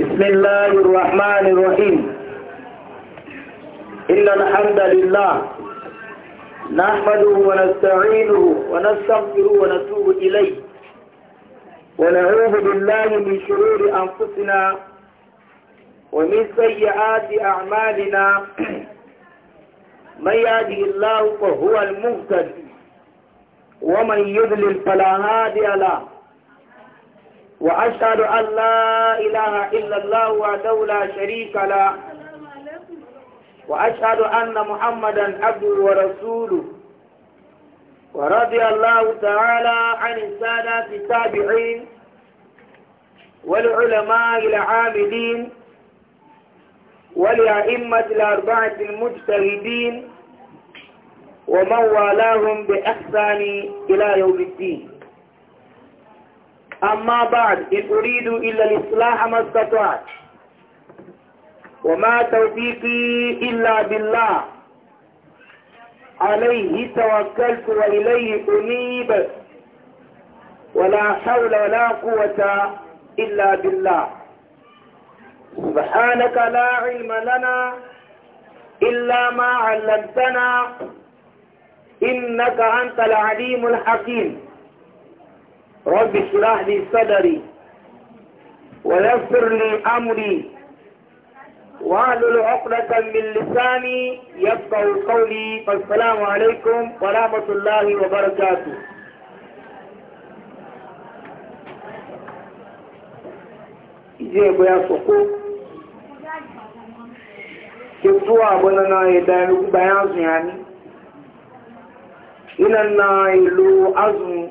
بسم الله الرحمن الرحيم إن الحمد لله نحمده ونستعينه ونستغفره ونتوب إليه ونعوذ بالله من شرور أنفسنا ومن سيئات أعمالنا من يهده الله فهو المهتد ومن يضلل فلا هادي له وأشهد أن لا إله إلا الله وحده لا شريك له وأشهد أن محمدا عبده ورسوله ورضي الله تعالى عن السادة التابعين والعلماء العاملين والأئمة الأربعة المجتهدين ومن والاهم بإحسان إلى يوم الدين أما بعد إن أريد إلا الإصلاح ما استطعت وما توفيقي إلا بالله عليه توكلت وإليه أنيب ولا حول ولا قوة إلا بالله سبحانك لا علم لنا إلا ما علمتنا إنك أنت العليم الحكيم رب اشرح لي صدري ويسر لي أمري واحلل عقدة من لساني يفقه قولي فالسلام عليكم ورحمة الله وبركاته إجيب يا سقوط كتوا أبننا يدعو بيان يعني إلى النائل أزمه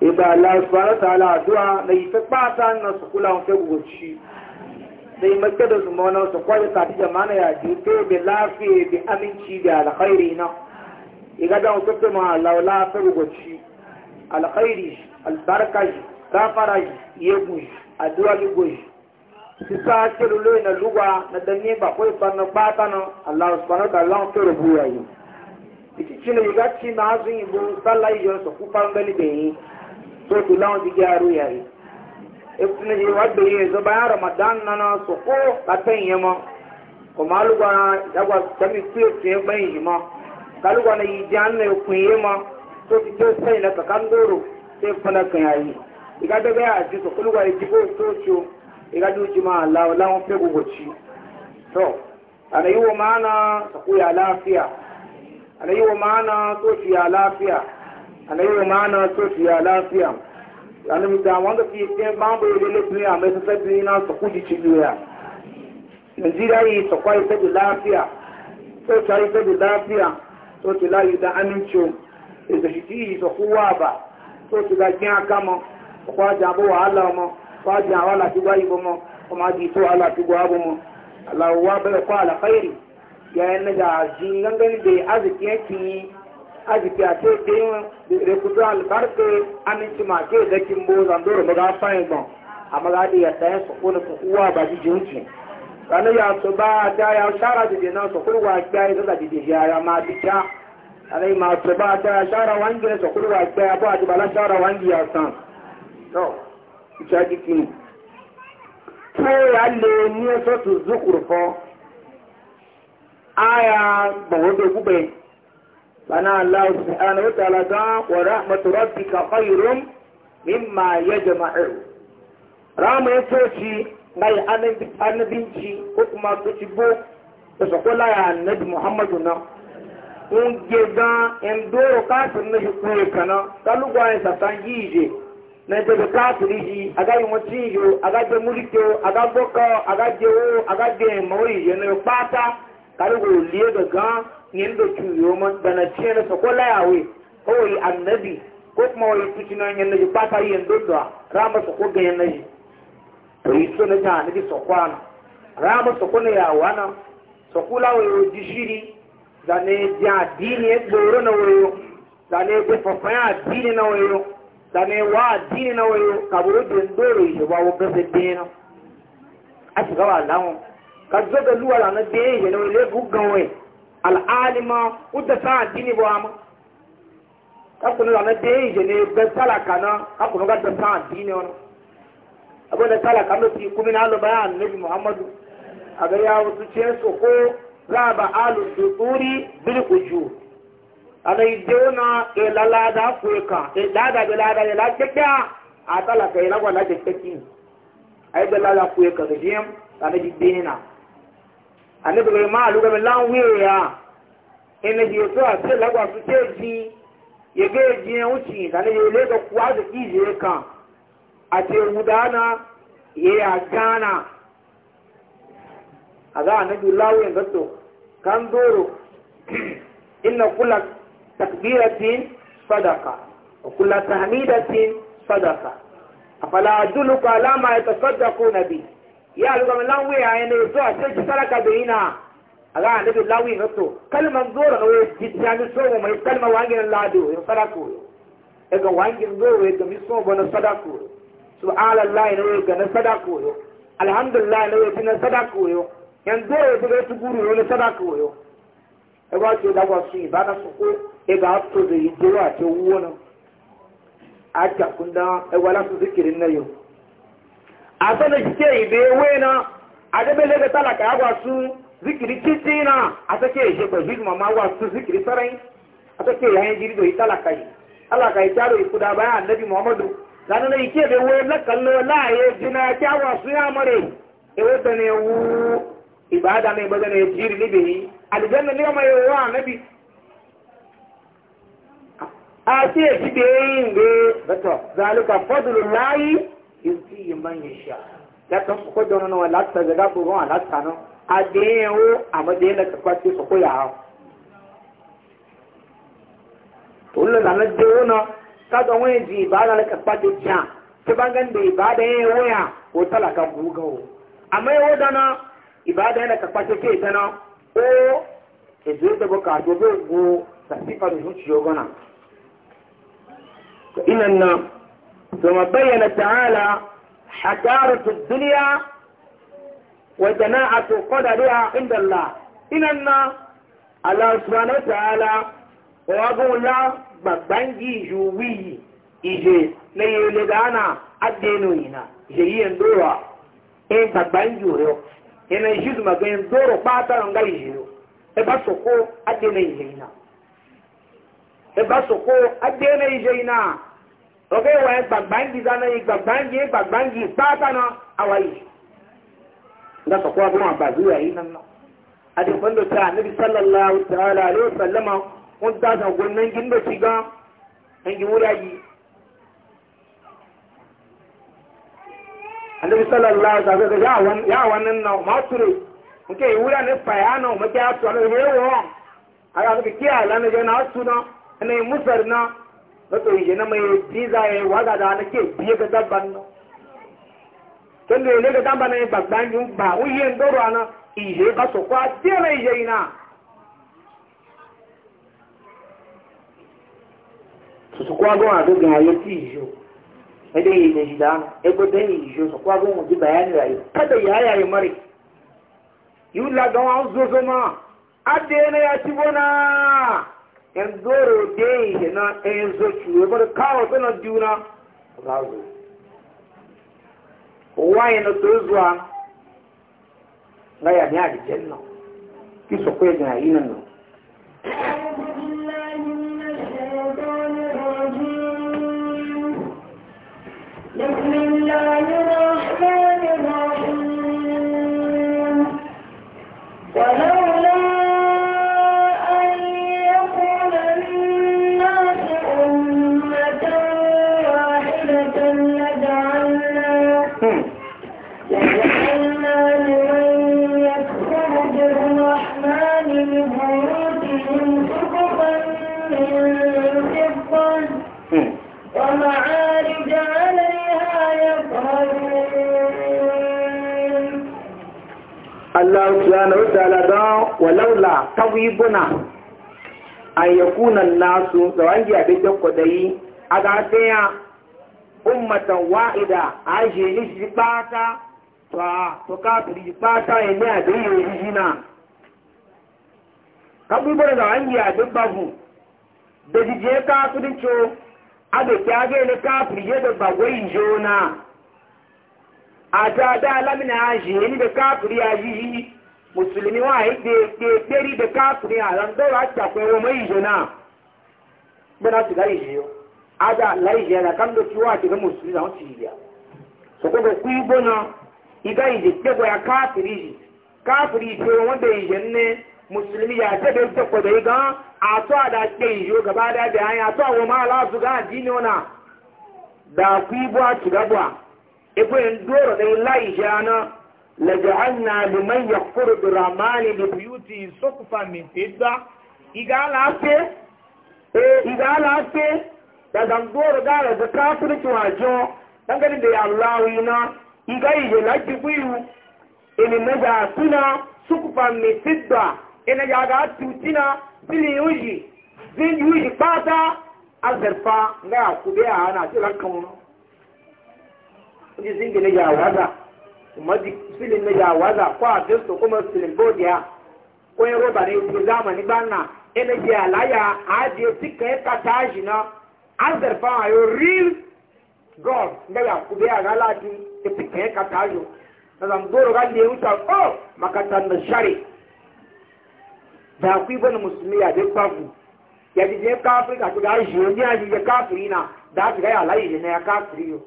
ìgbà aláàfáà tààlà àdúrà na ìfẹ́ pàtà na sùkúlà ń fẹ́ gbogbo ṣí da yi makkada su mawana su kwaje tafi jama'a ya ji to bi lafiya bi aminci da alkhairi na iga da wasu ta ma laula ta rubuci alkhairi albarka shi kafara shi ya gushi addu'a ji gushi su sa ce lulo na luwa na danne ba kai sanna bata na Allah subhanahu wa ta'ala so ku lawan ji gyaru yayi ibn ji wadda yi zo bayan ramadan na na so ko yi ma ko na dagwa tami tuye tuye ban yi ma kalugwa na yi jan na ya yi ma so ti to sai na kan doro sai fana kan yayi iga daga ya ji so kulugwa ya ji ko to ciwo iga du ji ma lawa fe gugu ci to ana yi wa mana ku ya lafiya ana yi wa mana to ci ya lafiya anayi maana sofiya lafiya yani da wanda ke cikin babu yadda na duniya mai sassa duniya su kuji ci duniya najeriya yi ta kwaye ta da lafiya so ta yi ta da lafiya so ta layi da aminci da shi ci ta kowa ba so ta da kin aka ma kwa jabo wahala ma kwa jabo ala ti gwayi ba ma kuma ji to ala ti gwa ba ma Allah wa bala kwa alkhairi ya yana da jin gangani da aji a ce ɗin rekutu albarka aminci ma ke zakin bo zandoro ba ga fayin ban amma ga ya sako na kuwa ba ji jinci ranar ya so ba ta ya shara da jina so kurwa kiya ya zaza da jiyara ma ta ba ta ya shara wangi na so bala shara wangi ya san to ita jiki ya le aya bana Allah subhanahu wa ta'ala ta wa rahmatu rabbika khairum mimma yajma'u rama yato ci ngai annabinci ko kuma to ci bo to so ko la annabi Muhammadu na un gega en doro ka sun ne ku kana kalu gwa en satan yije na de ka turi ji aga yi mo ci yo aga de mulito aga boko aga de wo aga de mo yije ne pata kalu go yadda cuyo da na ce na sako kawai annabi ko kuma wai tuci na yan naji yi yanzu da rama sako ga to yi so na jana naji sako ana rama sako na yawa na sako lawaye wa jishiri da dini ya tsoro na wayo da ne gwafafaya dini na wayo zane wa dini na wayo kaburu bin doro yi ba a shiga lamun ka zo luwa na ya gugan wai al'alima wadda sa addini ba ma kakunu da na yi je ne ga talaka na kakunu ga sa addini wani abin da talaka na fi kuma na alu bayan annabi muhammadu a ga ya wasu ce su ko za ba alu bil na a talaka ila e gwada kekki ai e bilada ka da jiyan na. anibigiri ma aluga mi lan wiye ya ene ji so a se lagwa su te ji ye ge ji en uchi yi ye le ka kwa de ki je kan a te mudana ye a gana aga anabi lawo en gato kan doro inna kullu takbiratin sadaqa wa kullu tahmidatin sadaqa afala adulluka ala ma na bi. ya lugama lanwe a yana yaso a sai saraka da ina a ga annabi lawi na to kalman zora na wai jitani so mu mai kalma wangin lado ya sadaku ya ga wangin zora ya ga mi so bana sadaku subhanallahi na wai ga na sadaku alhamdulillah na wai na sadaku yan zora ya ga tuguru na sadaku yo e ba ce da ba su ibada su ko e ga to da yi jira ce wona a ta kunda e wala su zikirin na yau asana jike ibe ewe na adebele ga talaka agwa su zikiri titi na atake eje ko hidu mama agwa su sara sarai atake ya jiri do italaka yi alaka itaro ikuda ba annabi muhammadu lana na ike be we la kallo la ye jina ta wa su ya mare ewe ewu ne wu ibada ne ba da ne jiri ni be aljanna ne ma ye wa annabi a ti e ti be yin be zato zalika fadlullahi yuti man yasha da kan ko da wannan wala ta daga buron ala ta no adewo amade na ka kwati so ko ya ullo da na dewo na ka da wani ji ba da ka kwati cha ta bangan da ibada ya waya ko talaka bugawo amma yau da na ibada na ka kwati ke ta na o ezo da boka to go safifa da zuciyo gona inan na ثم بين تعالى حكارة الدنيا وجماعة قدرها عند الله إننا الله سبحانه وتعالى وأقول الله ببنجي جوي إجي ليولدانا الدينوين إجي يندروا إن ببنجو ريو إن يجيز ما بين دورو باتا نغاي جيو إبا سوكو أدينا إجينا إبا سوكو أدينا إجينا oge wee gbagbangi zana yi gbagbangi gbagbangi kpata na awayi nga sọ kwa ya yi nan nọ adịfan da ta nabi ta'ala alaihi wasallama kun ta san gunnan gin da shiga an yi annabi sallallahu ya wan ya wannan na ma ture nke yi wura wato yi na mai biza ya waga da na ke biye ga dabban na tun da ga dabban na ba dan yin ba uyen doro ana ije ba so kwa ije ina su su kwa ga ya ti ijo ede yi da jida e ijo so kwa gwa bayani rayi kada ya ya ya mari yi ma ya enzoro dei na enzo chuwe bora kawo tana diuna razo waye na tozwa na ya ni adi jenno kiso kwe na ina no بسم الله Allah subhanahu wa ta'ala da walaula tawibuna an yakuna nasu zawangi a bidan kwadayi a ga tsaya ummatan wa'ida a je ni shi bata to to ka firi bata ya ne a dai yi jina kabubura da wangi a dubbabu da jije ka fudin cho a da kyage ne ka firi da bagwai jona àtà dá alámìnà ààyè níbẹ̀ káàkiri ayé yìí mùsùlùmí wà ní gbé pérí ibẹ̀ káàkiri àlọ́ndọ́rọ̀ àtàkùn ẹwọ mọ́ ìyẹ náà gbọ́nà ti láì yẹ ádá láì yẹ àti mùsùlùmí ti kú ìgbà gbẹ́gbẹ́ ya káàkiri yìí káàkiri ìṣe wọn bẹ ìyẹ ní mùsùlùmí yà tẹ́gbẹ́ gbẹ́kọ̀dọ̀ yìí gan àtọ́ àdá pé ìyó gàbá dá bẹ̀ àtọ́ àwọn ọmọ ibn doro ne lai jana la ja'alna liman yakfuru bi rahmani li buyuti suqfan min fidda igala pe e igala pe da dan doro da da kafir ci wajo dan gani da Allah ina igai je la ji buyu ini naja suna suqfan min fidda ina ya ga tutina bili yuji zin yuji pata azarfa ga kubiya ana tilan ndi zingi na jawaza kuma filin na jawaza ko a fisto kuma filin bodiya ya ya roba ne ko zamani bana ene ji alaya a je tika ya kataji na azarfa ayo real god nda ya kube ya galati ke tika ya kataji na zangoro ga ne uta ko makatan da shari da akwai na musulmi ya je kwafu ya je kafiri ka ga shi ne ya je kafiri na da ga ya alayi ne ya kafiri afrika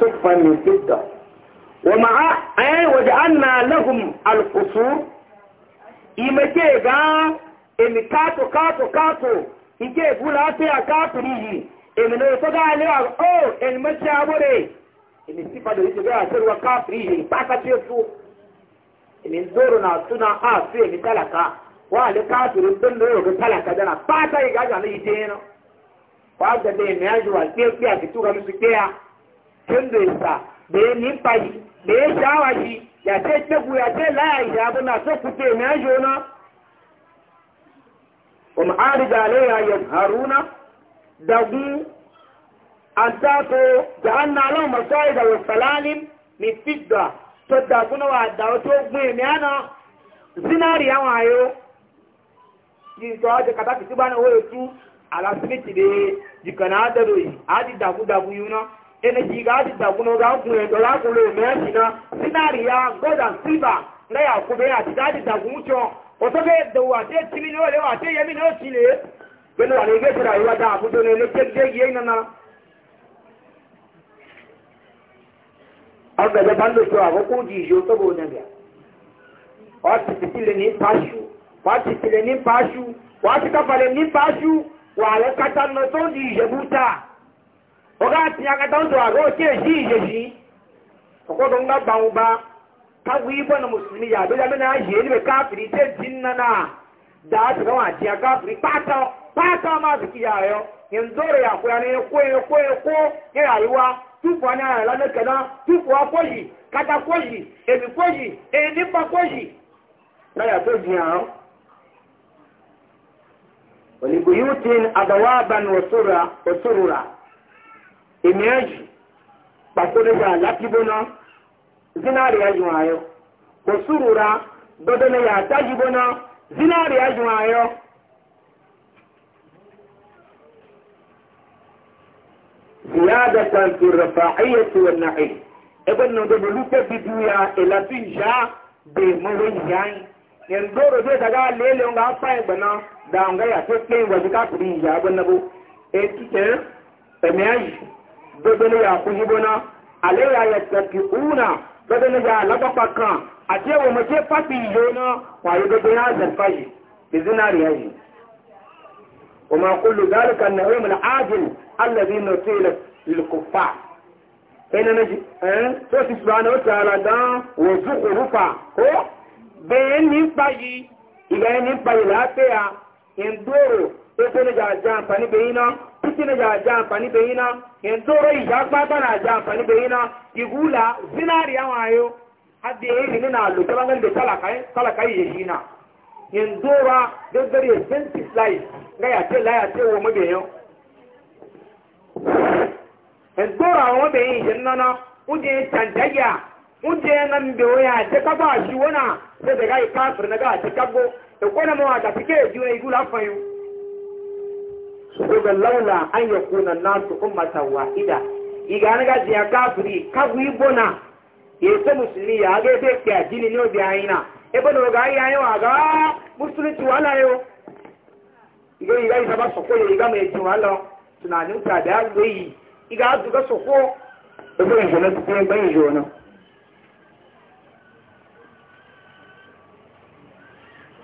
تكفى من فضة waje وجعلنا لهم القصور إمتى قال emi كاتو كاتو كاتو ike bula sai a kafiri emi na yato ga alewa o eni mace abure emi sifa da yake ga sirwa kafiri yi baka ce su emi zoro na suna a su emi talaka wa ale don da yau talaka dana fata yi gaja na yana da ya ke musu tendo isa be nimpa yi be shawa yi ya te tegu ya te la ya abu na so kupe na jona wa ma'arida alayha yazharuna dagu antato jahanna lahu masaida wa salalim min fidda to da kuna wa da to gbe mi ana zinari àwọn ayo ki to aje kata ti bana wo etu ala smith de jikana adaro yi adi dagu dagu yuna energy ga ji daguno ga kun e dola kun le me sina sinari ya gold and silver na ya ku be ati ga ji dagun cho o to be do wa te timi no le wa te yemi no ti le pe no ale ge sira iwa da abudo ne le te ge ye na na aga da bando cho ago ku ji jo to bo na ga ti ti le ni pashu wa ti ti le ni pashu wa ti ka pale ni pashu wa le kata no to di jebuta oga ti aka ta ndo ago ke ji je ji ko don ga ba na musulmi ya be na je ni be kafiri te na kafiri ya ya yo ndọrọ ya ko ya na ko ko ko ya tupu anya ya tupu yi kata yi ebi yi yi na ya ìmẹ́ẹ̀jì pàtólẹ́gbà àlákìbóná zínárì ẹjùn ayọ́ kò súrùra gbọdọ́lẹ̀ àtàjìbóná zínárì ẹjùn ayọ́ ìyáàdẹ̀kan tó rẹ̀fà ayé tó wẹ̀ náà ẹgbẹ́ nínú ọdọ́dọ̀ lúkẹ́ bíbí ya ìlà tó ìjá bè mọ́rẹ́ ìyáyìn ẹ̀ǹdọ́rọ̀ tó ìdàgá lẹ́lẹ̀ ọ̀gá pa ẹ̀gbẹ̀nà dàǹgáyà tó pé ìwọ̀dí káàkiri ìyá gbọ́nàbó ẹ̀tútẹ́ ẹ̀mẹ́yìn gbẹgbẹlẹ yà kú yíbó náà alẹ́ yà yẹ tẹ̀kì òun náà gbẹgbẹlẹ yà lágbàpá kan àti ẹ̀wọ̀n mọ̀jẹ́ pàtì yìí náà wà yí gbẹgbẹ yà zẹ̀fà yìí bizinari yà yìí. وما كل ذلك النعيم العاجل الذي نطيل للكفار فإن نجي tó ti sùgbọ́n ó ti ara dán wòzúkú rúfà ó bẹ́ẹ̀ nípa yìí ìgbà yẹn nípa yìí láàpẹ́ à ń tó tó níjà fitina da ja amfani da yina yanzu rai ya kpata na ja amfani da yina igula zinariya wayo hadda yi ne na lokacin da talakai talakai ya shi yanzu ra gaggare sensis life ga ya ce la ya ce wa yau yanzu wa yin nan da waya ta kaba shi wana sai yi kafir na ga ta kabo da kwanan mawa igula fayu sukuga laula an ya kuna nasu ummata wahida iga an ga jiya kafiri kagu ibona yeso musulmi ya ga ebe ke ajini ni obi anyi na ebe na oga anyi anyi wa ga musulunci wala yo iga iga isa ba soko ya iga mai jin wala tunanin ta da agbe yi iga aduga soko ebe ya jona tuku ya gbanyi jona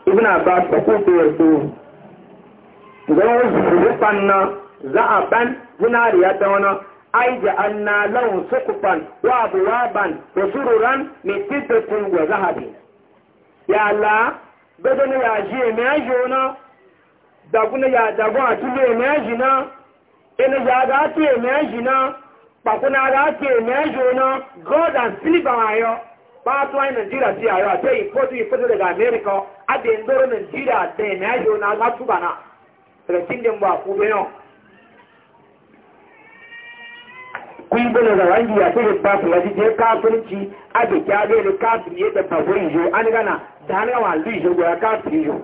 ibn abbas soko ko ya zama zurfan na za a ban zinariya ta wani ai da an na lawan sukufan wa abuwa ban da sururan mai titattun wa zahabi ya la gado ya ji eme aji ona daguna ya dagun a tulu eme aji na ina ya ga ati eme aji na pakuna ga ati eme aji ona god and silver ayo pàtó àyìn nàìjíríà ti àyọ àti ìfọ́tò ìfọ́tò daga amẹ́ríkà adé ndóró nàìjíríà dẹ̀ eme aji ona agbátúbà náà rakin da ba ku bayan kun gana da rangi ya fi ba su wajen je kafirci a da kyabe da kafin ya da tafurin jo an gana da an gama lishe goya kafin jo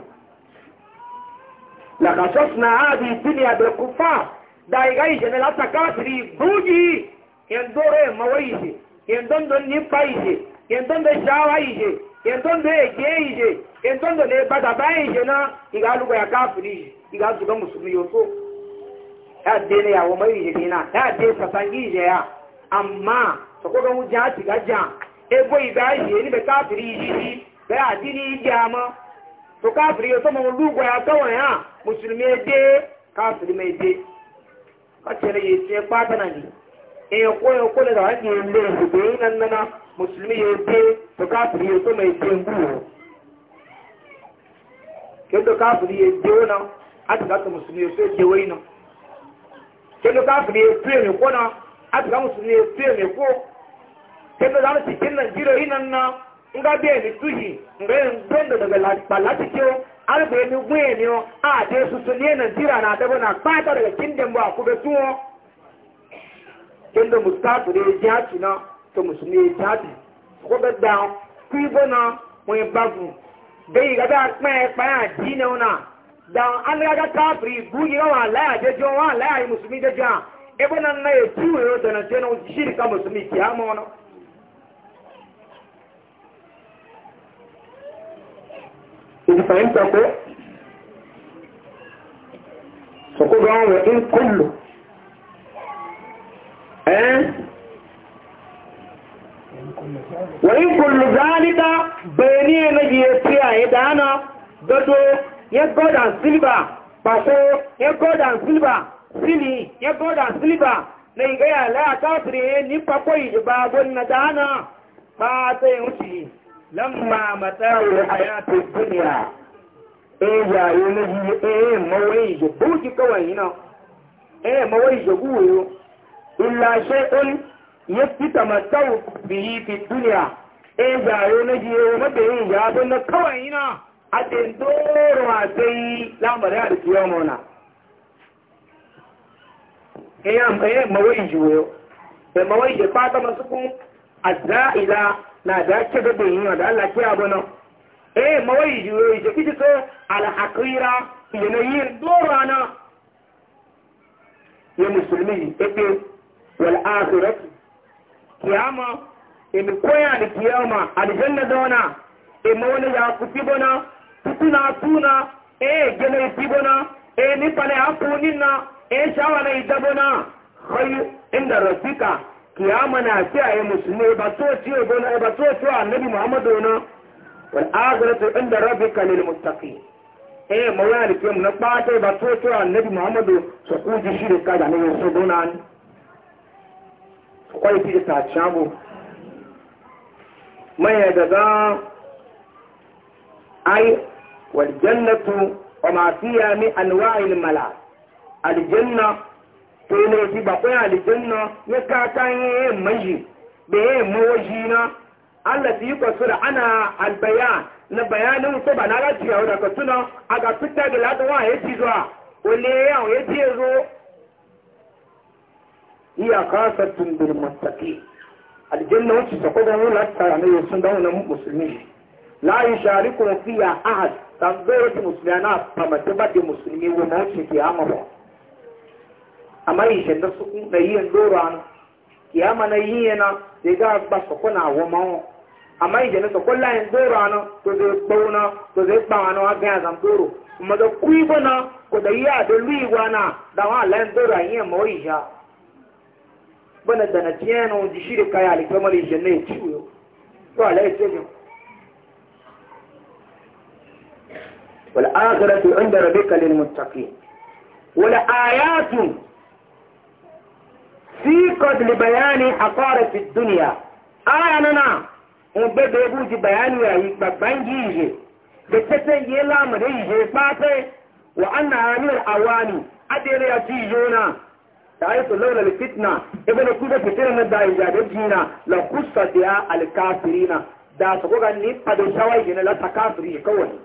lakasos na hadi duniya da kufa da iga ishe na lata kafiri buji yan dore ne bada na iga alugoya kafiri iga zuga musulmi yoso ya de ne yawo mai yiri na ya de sasan ije ya amma so ko ga mu ja ti ga ja e bo iga ye ni be kafiri yiri be adini ija ma to kafiri yoso mo lugo ya kawo ya musulmi de kafiri me de ka tere yi se pa ta na ni e ko e ko le da ni le be nan na musulmi ye de to kafiri yoso me de ngu ke to kafiri e de na atuka ka musulmi ya sai ke wainan ya musulmi ya mai kwo kendo za mu cikin najeriya yi nan na nga biya ni tuji nga yin gondo daga balati lati alba ya ni gwiye ne o a je susu su nigeria na dabo na kpata daga tuwo na to musulmi ya ji ko da ne dan an raga kafiri bugi ga wala ya je jo wala ya musulmi da ja ebo nan na ya tiwo yo da nan tena shirka musulmi kiyama wono Ibi fahimta ko? So ko gawa wa in kullu. Eh? Wa in kullu zalika bayani na biye fiya ya dana gado yẹ gold and silver pàṣẹ yẹ gold and silver sílì yẹ gold and silver na ìgbé àlẹ́ àtàkùrì ní pápọ̀ ìjọba agbóni na dáná máa lọ́mà màtàrí àyà tó dúnìyà ẹ̀yà olóyìn ẹ̀yẹ mọ́wọ́ ìjọba ó ti kọ́wọ̀ yìí náà ẹ̀yẹ mọ́wọ́ ìjọba wòró ìlàṣẹ́ ọ́n yẹ pítà màtàrí bìí fi dúnìyà ẹ̀yà olóyìn ẹ̀yẹ mọ́bẹ̀rẹ̀ ìyá abọ́nà kọ́wọ̀ yìí náà ake ndoro a sai lambarin a duk yau mauna e mawai juwo da mawai masu kun a na da ke gaba yin da Allah ke abu E eh mawai juwo ya fi jiko al'akira yanayin doro na ya musulmi ebe wal'akiratu kiyama in koya da kiyama aljanna zauna in mawani ya suna tuna e gele tibona e ni pale apunina e shawana idabona khayu inda rabbika kiyama na ce ayi musulmi e, ba so ci gona e, ba so ci annabi muhammadu na wal akhiratu inda rabbika lil muttaqin e mawali ke ba ta ba so muhammadu so ku ji shi ka da ne so gona ni kwai ti والجنة وما فيها من أنواع الملا الجنة tole fi ba ko aljanna ya ka kan yi maji da ya mawaji na Allah fi ko sura ana albayan na bayanin ko ba na ga tiya da ka tuna aga fitta da ladan wa ya ci zuwa ole ya ya ci zo iya kasa tun bil mustaqi aljanna wuce ta ko da mu la ta ne sun da wannan musulmi la yushariku fiha ahad tanzoro ti musulmi na ti ba ti musulmi wo na mawuce ke ama ba amma yi shi da su da yi en doro ana ki ama na yi yana da ga ba su wo ma mawu amma yi jana su kula en doro ana to zai kpauna to zai kpawa na wagan ga zan doro kuma da kuyi bana ko da ya a da luyi gwana da wa alayin doro a yi mo yi sha bana da na tiyan na wani shi da kaya alikamar yi jana ya ciwo to alayin tsohon والآخرة عند ربك للمتقين والآيات سيقت لبيان حقارة الدنيا آياننا وبدأ يبوز بيان ويبقبان جيجي بتسن يلام ريجي فاتي وأن عامل الأواني أدير يتيجونا تعرف لولا الفتنة ابن كودا فتنة دائجة بجينا لقصة ديا الكافرين دا سقوغا نيبا دو شواجنا لا تكافري كوني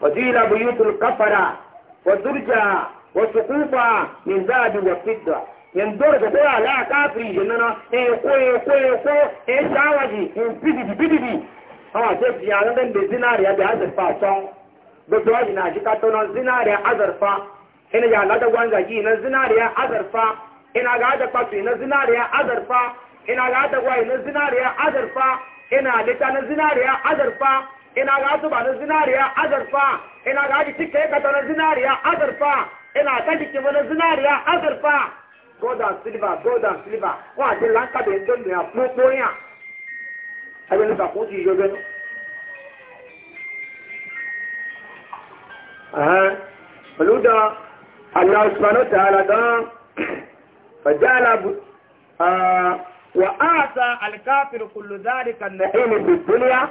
وزين بيوت القفرة والدرجة والسقوفة من ذهب وفضة yanzu da kowa ala kafiri jinana e ko e ko e ko e shawaji in bididi bididi ce fi yaran dan da zinariya da azurfa can da tuwa shi ka zinariya azurfa ina ya lada gwanza gi na zinariya azurfa ina ga da kwafi na zinariya azurfa ina ga da gwai zinariya azurfa ina lita na zinariya azurfa ina ga zuba na zinariya azurfa ina ga ji cika yakata na zinariya azurfa ina ta jiki na zinariya azurfa gold and silver gold and silver a jin lanka bẹ tó nìyà pópó yàn abin nípa kó ti yọ bẹnu. pẹ̀lú dán allah subhanahu wa ta'ala da fàjálà bu wa aasa alikafiru kullu zalika na'im bi dunya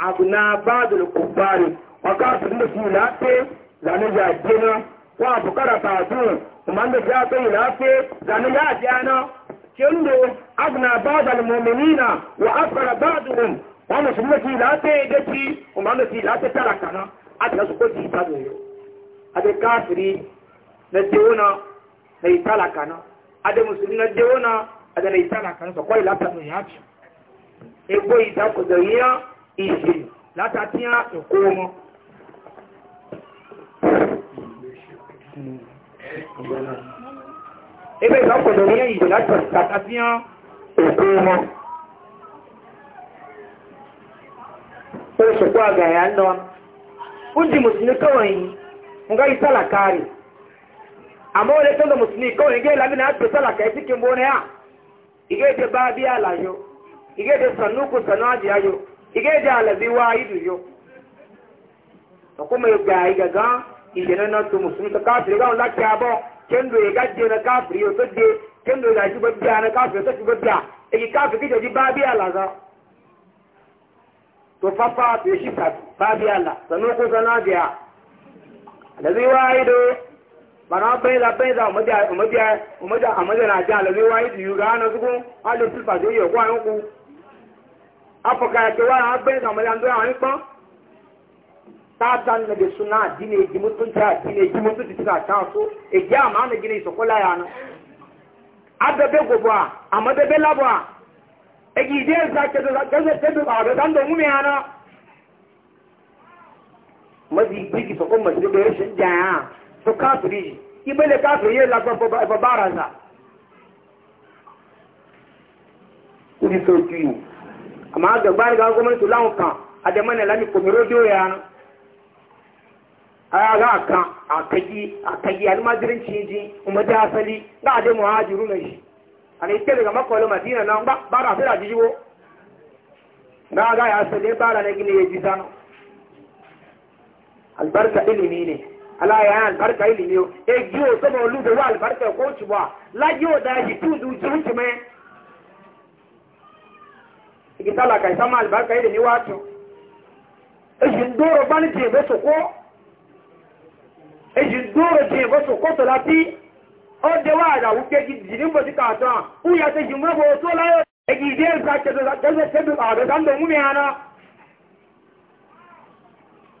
abuna badul kubari waka su da su lafe zane ya gina wa bukara fatu kuma da ya kai lafe zane ya jana kendo abuna badul mu'minina wa afara baduhum wa musulmati lafe ebo ita ku ìṣe látàtí àtòkó wọn ebe ìsọ́pọ̀lọ̀ ní ìjọ látàtí àtòkó wọn oṣùpọ̀ àgàyà lọ oúnjẹ mùsùlùmí kọwọ̀nyí nga yi sálàkà rẹ̀ àmọ́ olè tó lọ mùsùlùmí kọwọ̀nyí gẹ́ lábínà àtò sálàkà ẹ̀ sí kí n bọ́ náà ìgé ìdè bá bí àlàyò ìgé ìdè sànúkù sànú àjẹ́ ayò ike da alabi wa idu yo to kuma ya ga ga tó ijena na to musulmi ka kafiri ga Allah ta ba kendo ya gaje na kafiri yo tade kendo ya ji babba na kafiri ta babba e kafiri ke ji babi ala ga to fafa to shi ta babi ala sanu ko sana biya alabi wa idu bana bai la bai da mu da mu da mu na wa idu yo ga na zugo alu sifa ko an ku afọkara ke wara abin da mala ndo an pa ta dan ne suna dine ji mutun ta dine ji mutun ti ta ta so e ja ma na gine so kola ya na adabe gobo a amadabe labo a e mazi bigi so ko jaya so kafiri ibele kafiri ya la ba ba barasa amma ga gbani ga gwamnati kan a da lami ko mero do a kan a kaji a kaji almajirin ciji kuma da asali ga da muhajiru na shi ana ite daga makwalo madina na ba ba ra fira jiwo na ga ya ba ne gine ya ji sano albarka ilimi ne ala albarka e albarka ko da igi talaka ita ma albarka yi da ni wato ejin doro bani je be soko ejin doro je be soko to lati o de wa da wu ke gidi ni bo ti ka la yo egi de sa ke do da ze ana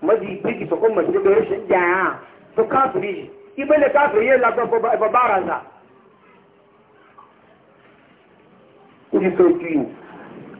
maji bi ki soko ma je be ibele ka firi la ko ba ba baraza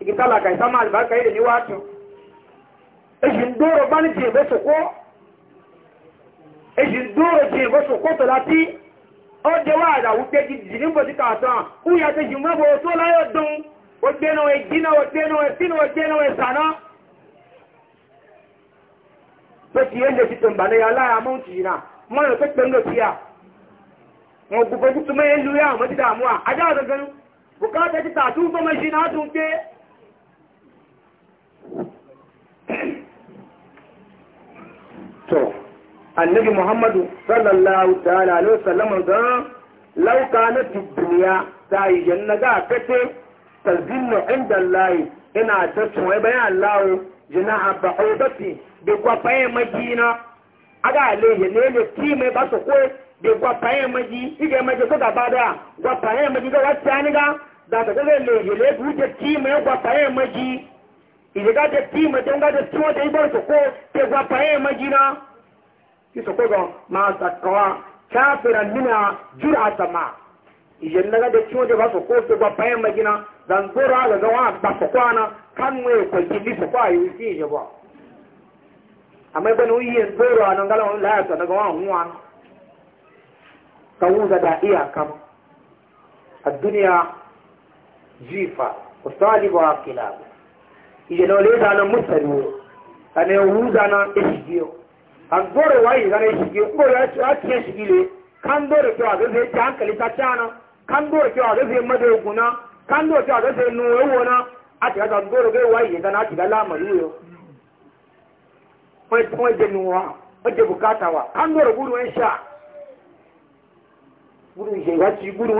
igi talaka isa ma albarka yi da ni wato ejin doro bani ti ebe soko ejin doro ti ebe soko to lati o de wa da wupe di jini bo ti ka tan u ya te jin mabo to la yo dun o gbe no e jina o gbe no e sinu ti ele ti to mbale ya la amu ti na mo ti ya mo gbo gbo tu me lu ya mo ti da mu a aja ti ta tu ko ma jina tun to annabi muhammadu sallallahu ta'ala alaihi wasallam ga lauka na duniya ta yi janna ga kace tazinnu inda allah ina ta tsoye bayan allah jinaha ba'udati bi kwa paye magina aga le ye ne le ti me ba su kwe bi kwa paye magi ige magi ko ga bada kwa magi ga wa tani ga da ga le ye le bu je ti me kwa paye magi ìgbéga tẹ tí ìmọ̀tẹ́ ń gájẹ tí wọ́n tẹ ibọ̀ ìsòkó tẹ gba pààyàn mọ́ jiná ìsòkó gan máa sàkọ́wà káfíra nínú júrà àtàmà ìyẹn náà tẹ tí wọ́n tẹ bá sòkó tẹ gba pààyàn mọ́ jiná zanzoro àgàgà wọn àgbà sòkó àná kánú èkó yìí ní sòkó àyè sí ìyẹ̀bọ̀ àmọ́ ẹgbẹ́ ni ó yíyẹ zoro àná ńgálà wọn láyà sọ̀nà gan wọn àwọn da iyakan a duniya jifa ku salibu a ìjẹ̀lọ́lẹ́ dáná mùsàlù ẹni òun dáná èṣìgì ọ àgbọ̀rọ̀ wáyé dáná èṣìgì ó yẹ láti èṣìgì lè kándọ̀rọ̀ kí àgbẹ̀fẹ̀ tí a ń kẹ̀lé tàṣà náà kándọ̀rọ̀ kí àgbẹ̀fẹ̀ mọ́dé ogun náà kándọ̀rọ̀ kí àgbẹ̀fẹ̀ nu ewo náà àti àgbà àgbọ̀rọ̀ kí wáyé dáná àti dáná àmọ̀ yìí yọ. wọ́n jẹ nu wa wọ́n jẹ wa kándọ̀rọ̀ gbúdú wọn ṣá gbúdú ìṣèwádìí gbúdú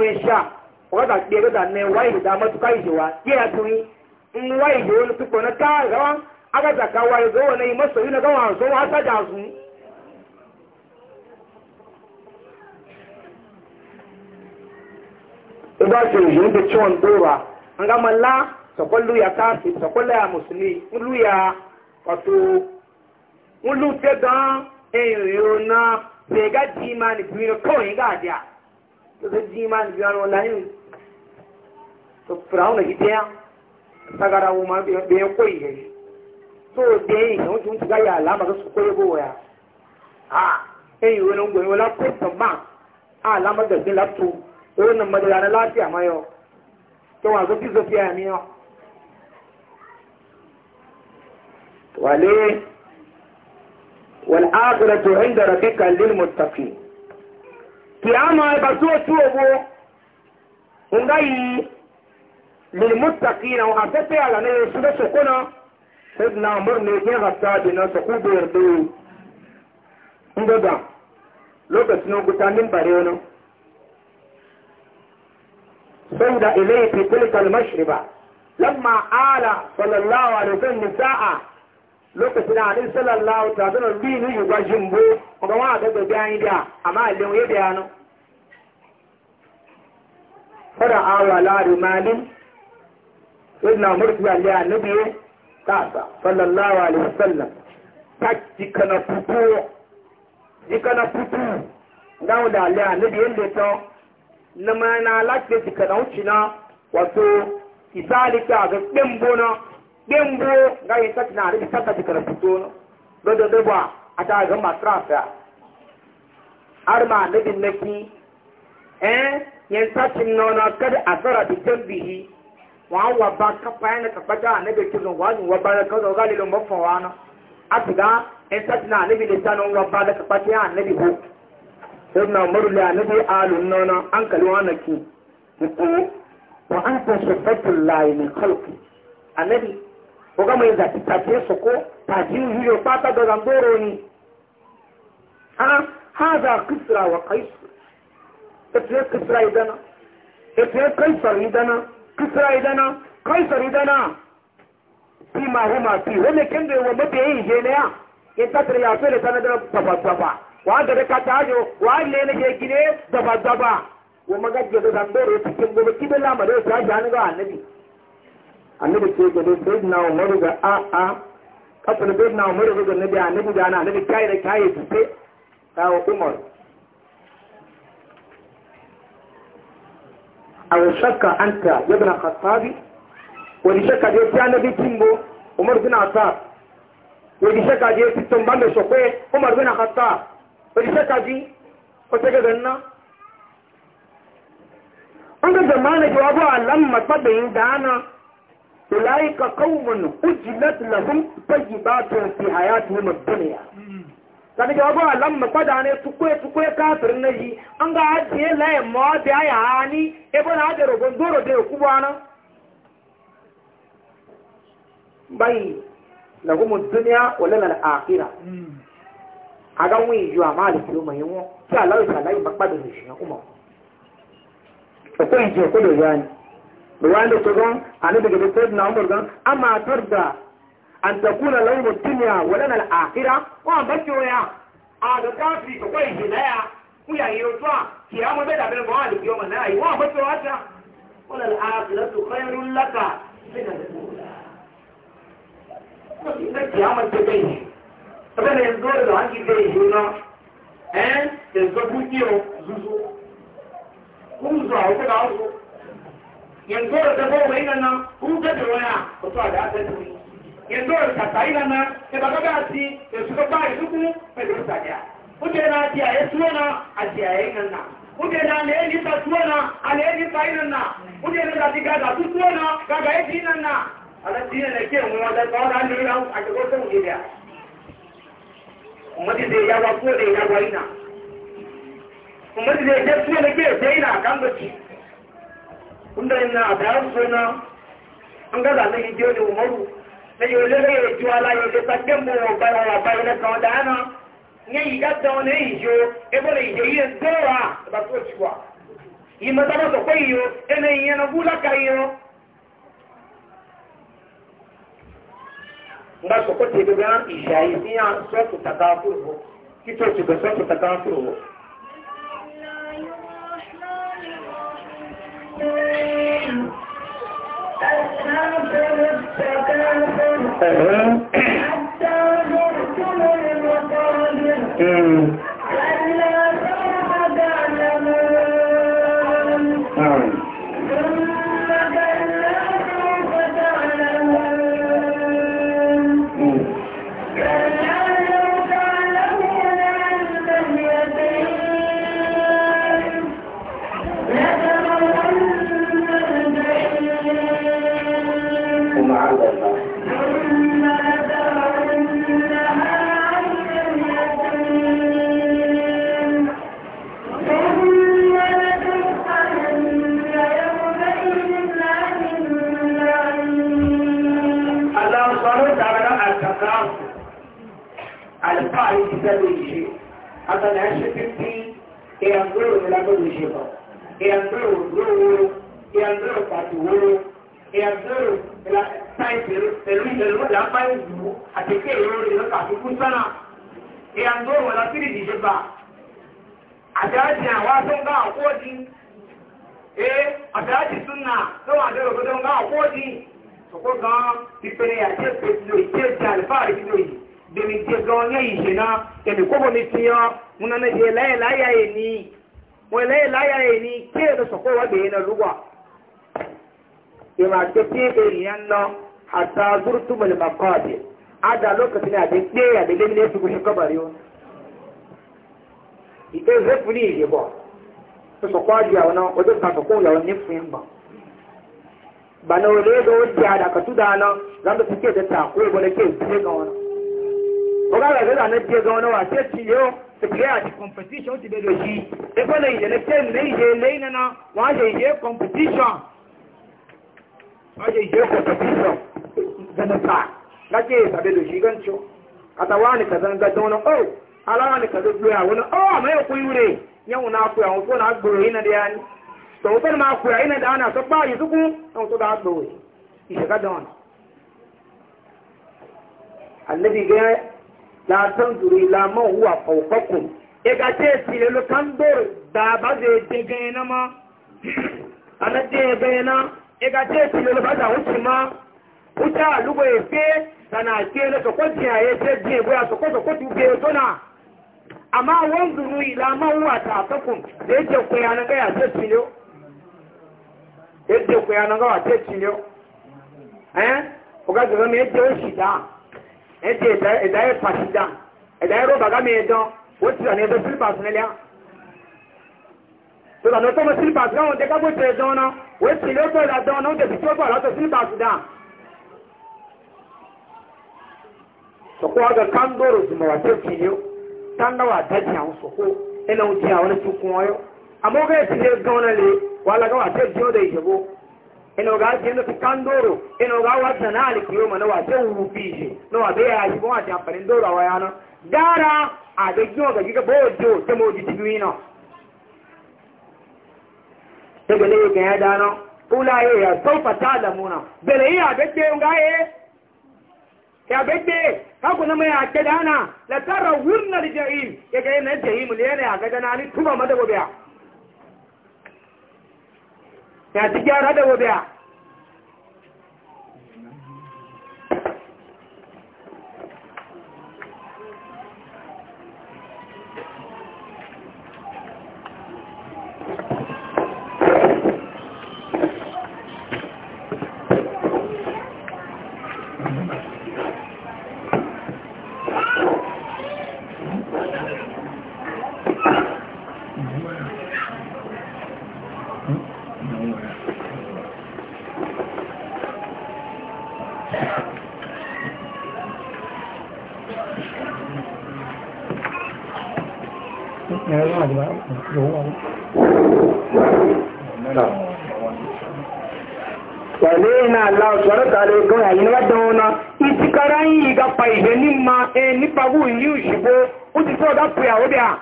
nwa ihe da wani na ta agha aka zaka wai zo na masu yi na gawa azụ wa ta azụ. su ba ciwon dora Nga ga malla ya tafi sakwallu ya musulmi nlu ya wato nlu fe gan eyo na fe ga jima ni kawai e ga dia to ga ni to sagara wuma bɛn koyi yɛ so bɛn yi o tun ti ka yɛ a lama ka so koyi b'o ya a e yi wɛlɛ ŋgɔyi wɛlɛ ko sama a lama gɛgɛ la tu o yɛ nama de la ne lafiya ma yɔ to wa so ti so fiya mi yɔ wale wale akira to ɛn dara bi ka lili mutafi kiyama ba so tuwo bo nga yi. mil muta ki na a pepe a la sube so kona pe na mor ni gen ta di na so kuber do nde ba lope si no kuta ni pare no sauda ele pi kole kal mashi ba la ala sal la a pe ni sa a ni se la la ta pe no bi ni yu pa jim bo ba wa pe pe a india a ma le ye de ano Fọ́dá àwọn aláàrí máa sayyidina umar su yalle annabi ya kasa sallallahu alaihi wasallam ta jika na fito jika na fito dawo da alle annabi yanda ta na mana lafiya jika na wuce na wato isalika ga ɗimbo na ɗimbo ga yi sati na annabi sata jika na fito na dodo dabwa a ta ga masu har ma annabin naki eh yan satin nona kada a tsara da jambihi wa wa ba ka fayana ka fata na be kizon wa wa ba ka zo ga lilo mafa wa e na atiga wa ba da ka fata ya ne bi ko sayyidina umar la ne bi alun nona an kalu wa na ki wa anta shafatul lahi min khalqi annabi ko wọn mai zati ta ce e e su ko ta ji hiyo fata da ni ha hada wa kisra idana kaisar idana fi ma huma fi wani kende wa mafi yi je ne ya in ta tare ya so da sanadar dabadaba wa da ka ta wa le ne ke gine dabadaba wa maga je da dan dore cikin gobe kibla ma da ta ja ni ga annabi annabi ke ga dai na umaru ga a a kafin dai na umaru ga annabi annabi da annabi kai da kai sai ta umar أو شك أنت يا ابن الخطاب ولشك جيت أنا بيتيمبو عمر بن عطاء ولشك جيت تنبان شوكوي عمر بن الخطاب ولشك جي وتجدنا أنت زمان جوابه لما تبين دانا أولئك قوم أجلت لهم طيبات في حياتهم الدنيا sani ga abuwa lamma kwada ne tukwe tukwe kafir na yi an ga ajiye laye ma da ya hani ebe na ajiye rogon doro da ya kuba ana. bai na gumu duniya wale na akira hmm. a ga wani yiwu a mali kiyo mai yiwu ki alawi salayi bakpa da ni na kuma akwai jiya kudu ya ne ruwan da ta zon a ni daga da ta na umar gan amma tar da أن تكون لهم الدنيا ولنا الآخرة وأن بكروا يا هذا آه، كافي تقول الهداية ويا يرسوا كرام بدأ بالمعالك يوم النهاية وأن بكروا أتى ولا الآخرة خير لك من الأولى ما في ذلك يا طبعا إيه؟ ينزور لو هنجي في الهنا أن ينزور بوتيو زوزو كمزو عوصة عوصة ينزور تبوه بيننا كم تبوه يا أتوى جاء تبوه yanzu da tasaila na da baka ga si da suka ba ya duku da su sadiya kuje na ti ayi suwana a ti ayi nan na kuje na ne ni ta suwana a ne ni ta nan na kuje na da ti ga da su suwana ga ga yi nan na ala ti ne ke mu da ba da ni ran a ko sun ji da umma ti ya wa ko da ya wa ina umma ti ya ke suwana ke da ina kan gaci kunda ina da suwana an ga da ne ji ne umaru na yolele ejuwa la yoleta tembo bala wa bayina kan dana nye yiga dɔn ne yijo ebo le yije yiye dora eba to tiwa yima dama so pe yiyo ene yiyana bula ka yiyo nga so ko tebe gan ija yi fiya so to taka furu ki to tibe so to taka furu Thank you. Uh-huh. ìgbàlódé àtàlẹ́ àṣepínpín ìyàgbéró ìlàgbọ́lódé bọ̀ ìyàgbéró lówóró ìyàgbéró pàtìwóró ìyàgbéró pẹ̀lú ìlú làbá ìlú àtẹ̀kẹ́ ìrọ̀rẹ́ lọ́kà fífún sánà ìyàgbéró wọ̀lá fírìdì ìjọba àdájì àwọn àtúngá àkóòdì ee àdájì súnà tó wà dẹ́rọ̀ tó dẹ́rọ̀ àkóòdì sọ̀kọ́ gan pípẹ́rẹ́ àti èpè ìlú ìjẹ́ ìjà àlùfáà ìlú yìí domin je ga wani yi na emi kobo mi tiya muna na laye laye ni mo ni ke da soko wa be na ruwa e ma ke ke be yan no hatta zurtu mal maqabir ada lokacin da de ya de ne su ku shi kabari yo o de ka soko ya ba bana ole ka ta ko ba ne ke ga ogara gaza na je ga wani wasa ci yo su play the competition ti be do shi e ko le ile ke ne ile le na na wa je ile competition wa je ile competition da na ta la ke ta be do shi gan cho ata wani ka zan ga na ku ya wani na gboro ina da yani to wutar ma ku ya ina da ana so ba yi zuku an to da gboro ishe ga don annabi ga la tanzuru ila man huwa fawqakum e ga ce sile lo kan dor da ba ze de ma ana de gena e ga ce sile lo ba da wuce ma wuta lugo efe fe sana ke na ko kwaji ya ye ce je boya so ko ko tu be to na amma wanzuru ila man huwa taqakum da yake ko ya na ga ya ce sile yadda ku yana gawa ta cinye eh ku ga gaba mai yadda ya shida ɛnti ɛda yɛ pasi dam ɛda yɛ rɔba gami yɛ dɔn o tira ne bɛ silipas ne lia tɔlɔ ne tɔmɔ silipas gawo de ka bɔ tire dɔn na o ti ne tɔ la dɔn na o de bi tɔ bɔ a la tɔ silipas dam sɔkɔ wa kɛ kan doro zuma wa tɛ fi yio tan na wa da diyan sɔkɔ ɛna o diyan wani tu kɔn yɔ amewo kɛ ti ne dɔn na le wala ka wa tɛ diyan o de yɛ bo. ina ga shi na tukan doro ina ga wata na alikiyo mana wa sai wufi shi na wa bai yashi kuma ta amfani doro wa yana dara a da giyo ga giga bojo ta moji tibi na ta ga ne ga ya dano kula ya ya saufa ta lamuna yi ya bette ga ye ya bette ka kuna mai ake dana la tarawunna li jahim ya ga yana jahim ne yana ya ga dana ni tuba madagobiya ya ci gyara da wabiya wàléèna aláwọ̀sọ̀rọ̀ tààrí gan àyíwádánwọ́ná ìtìkára yìí ìgapa ìgbẹ̀ níma ẹ nípawú ìlú ìṣìgbó ó ti fọ́ dápò àwọ́dẹ́ à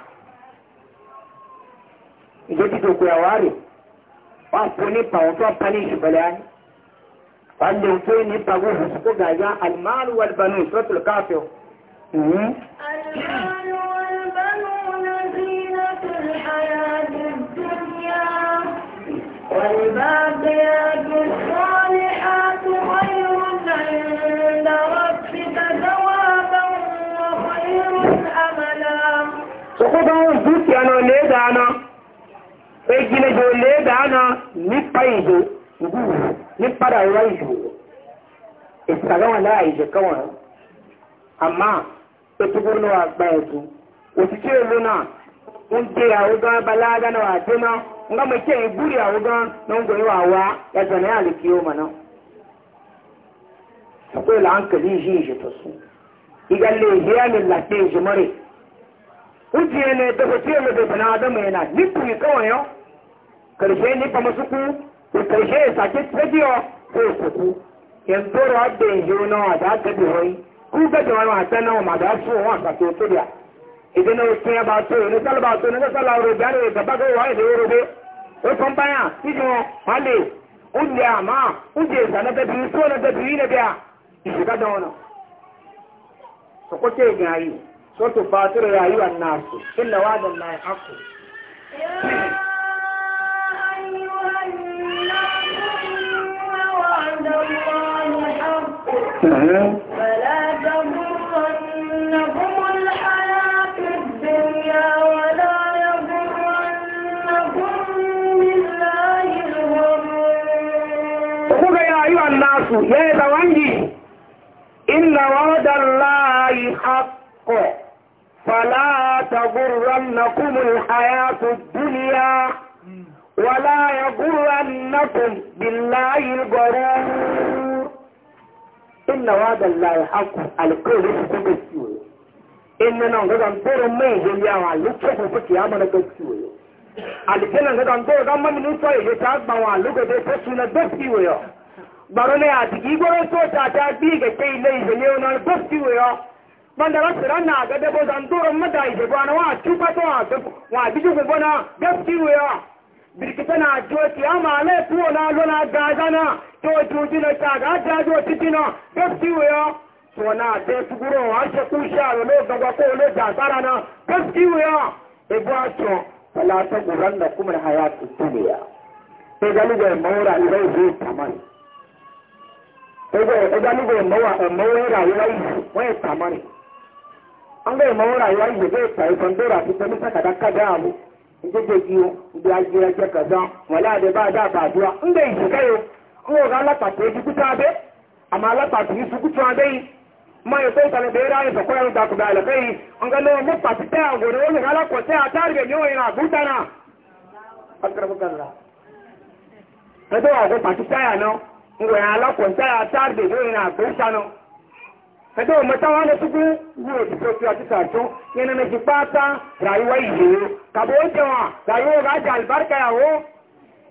ìgbẹ́ títò pé àwárí wà fún nípa wọn tó pa ní ìṣùgbẹ̀lẹ̀ ayé wà lè fún nípawú ìṣùgbó gàgá alìmáàlúwàlìbánú ìṣọ́tùlù káàfẹ́ والباقيات الصالحات خير عند ربك ثوابا وخير أملا سقطوا الزكيانا ليدانا ejinajo leedana nipa ijo nipa da ruwa ijo ìtàlọ́wọ̀n láà ìjọ kọwọ̀n àmá ètùkúrú náà gbáyẹ̀ tó òtítí èlú náà ń gbé àwọn ọgbọ́n abalá náà àdé náà nga mai ke yi buri a wuga don goyi wa wa ya zane ya likiyo mana akwai la hankali shi shi ta su iga lehe ya min lafiya shi mare ujiye ne da ba ce da bana adamu yana nipu yi kawai yau karshe nipa masu ku ko karshe ya sake tsajiyo ko ya kuku yanzu doro abin yi wani wa da aka bihoi ku gajewa wa ta na ma da su wa sa ke tsiriya idan wasu ya ba to ne sal ba to ne sal aure da ne gaba ga wai ne robe ko kompanya ijo hale ulla ma uje sana da bi so na da bi ne biya shiga da wannan so ko ce gayi so to fatir rayuwar nasu illa wadan la yaqu Uh-huh. الناس يا زوانجي إلا ورد الله حق فلا تغرنكم الحياة الدنيا ولا يغرنكم بالله الغرور إن وعد الله حق القول يسكتوا إن نغدا دور ما يجي يا وعلي كيف فكي أمنا كتسوا الجنة نغدا دور ما من يسوي يتعب ما وعلي كده فسونا دفي ويا baro a jiki gwamnan soja ta bi ga ke ile ize ne wani albosti wuyo banda wasu ranna ga dabo zanturan mata ize gwana wa cuba to wa biji gubana gaski wuyo birkita na joti ama ale tuwo na lona gazana to juji na a taga dajo titina gaski wuyo to na te suguro wa se kusha lo gaba ko lo jasara na gaski wuyo ebo a wala ta guran da kuma hayatu duniya. Sai e galibar maura ilai zai tamani. ẹgbẹ́ nígbà ìmọ̀wọ́ ràyíwá ìyè wọ́n ẹ̀ta mọ́rin ọgbẹ́ ìmọ̀wọ́ ràyíwá ìyè bẹ́ẹ̀ ta ìfọ̀n bẹ́ẹ̀rẹ̀ àti pẹ̀lú sàkàdá kájà àmú ìgbẹ́gbẹ́ di ibi ajé ẹjẹ́ kẹta wọn láàdé bá dá àbàdúrà ńgbẹ́ ìṣẹ́kẹ́yọ ńwọ̀ ọ̀gá alápàtà ojú kútó abẹ́ àmọ́ alápàtà abẹ́ yìí mọ ètò ìtàlẹ̀ bẹ̀rẹ̀ sọ̀kọ́ ẹ̀rọ yìí ọ̀gá lọ́wọ́ mú pàtítẹ́ ó lè kọ̀ ngwe ya la kwanta ya tarde ne na kusa no kada mu ta wani tuku ne ki so ya tuka to yana na ki pata rayuwa yi ka bo jawa rayuwa ga da albarka ya ho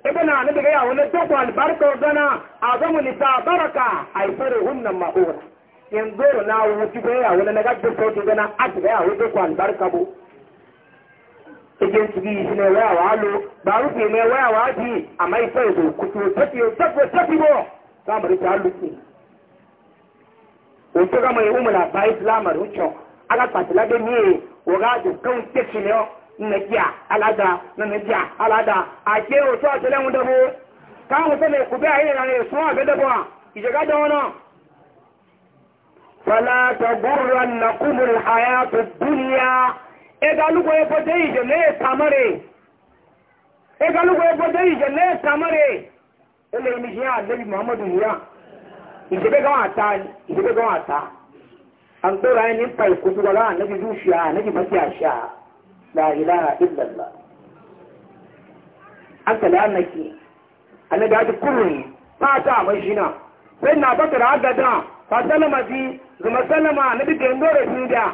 ibn an daga ya wani to ko albarka gana azamu ni ta baraka ai fare hunna ma'ura yanzu na wuci ga ya wani na ga to gana a ga ya wani to ko albarka bo cikin ciki shi ne waya walo ba rufe ne waya waji a mai sai zo kuto tafi tafi tafi bo za mu rike haluki o to ga mai umula ba islam rucho ala patila de ni o ga de kan techi ne o na kia alada na na kia alada a ke o to atele mu dabo ka mu ne ku ba yi na ne so a be dabo ije ga da wono fala tagurrannakum alhayatu dunya egalugo ebote ije lee tamare egalugo ebote ije lee tamare ele imiji ya nabi muhammadu ya ijebe gawa ata ijebe gawa ata an dora ni pa ikutu wala nabi zushiya nabi matiyasha la ilaha illallah an salamaki annabi haji kurun fata mai shina sai na bakar agada fa salama fi zuma salama nabi gendore fi da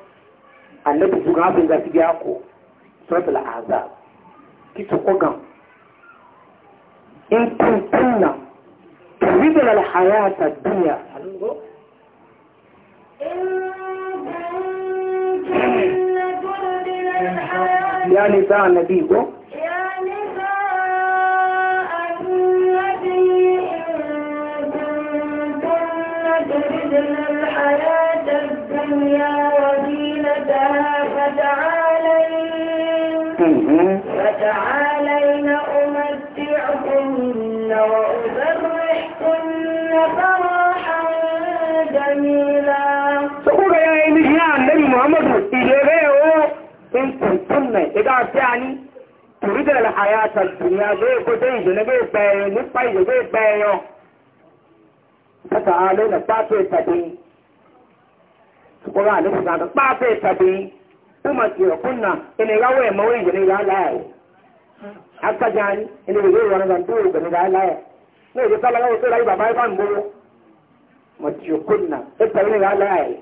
annabi su ga abin da su biya ko suratul azab kitu kogan in kuntunna turidun alhayata duniya ya nisa annabi ko فتعالين فتعالين أمتعكن وأسرحكن فرحا جميلا سأقول يا إمشي عن نبي محمد إجابة إن كنتن إذا أتعني تريد الحياة الدنيا غير كتير جنبه بيه نبيه غير بيه فتعالين فاتي تبين سأقول عليك فاتي تبين sama tiyo kunna ina ga waya mawai ga ni ga laya aka jani ina ga waya na zan dole ga ni ga laya ne ga sala ga wato rai baba ya fan bolo matiyo kunna ita ni ga laya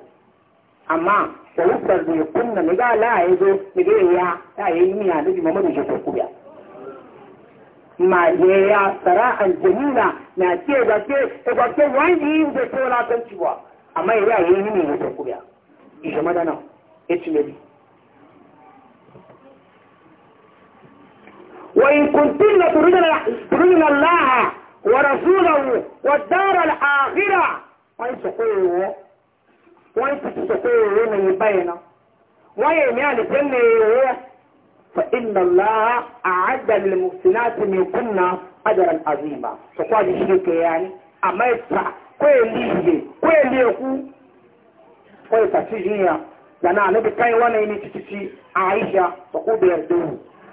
amma da wutar da kunna ni ga laya zo ni ga ya ta yi miya da ji mamadu shi ko ya ma ye ya sara'an jamila na ce da ke ta e, ba ke wani da tola kan ciwa amma ya yi ni e, ne ko ya ije madana etilebi وإن كنتن تريدن الله ورسوله والدار الآخرة وإن سقوه وإن تسقوه من يبين وإن يعني تنيه إيوه، فإن الله أعد للمحسنات منكن أجرا عظيما فقال الشيك يعني أما يدفع kweliye kweliyeku kwai tasijiya yana nabi kai wani ne cikici a aisha ta kudiyar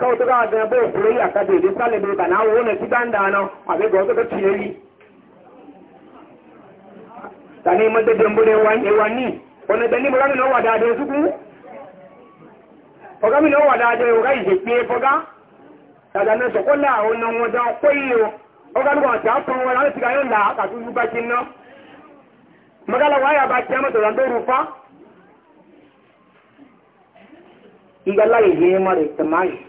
ka to ka gan bo fure ya ka de de sale be bana wo ne ti banda no abe go to ti yi tani mo de dembo de ewa e wan ni ona de ni mo ga no wa da de su ku foga mi no wa da de o ga ise pe foga tada na so ko la o no wo da ko yi o o ga ko ta ko wa la ti ga yo la ka tu ba kin no magala wa ya ba ma to ran do rufa igala ye mare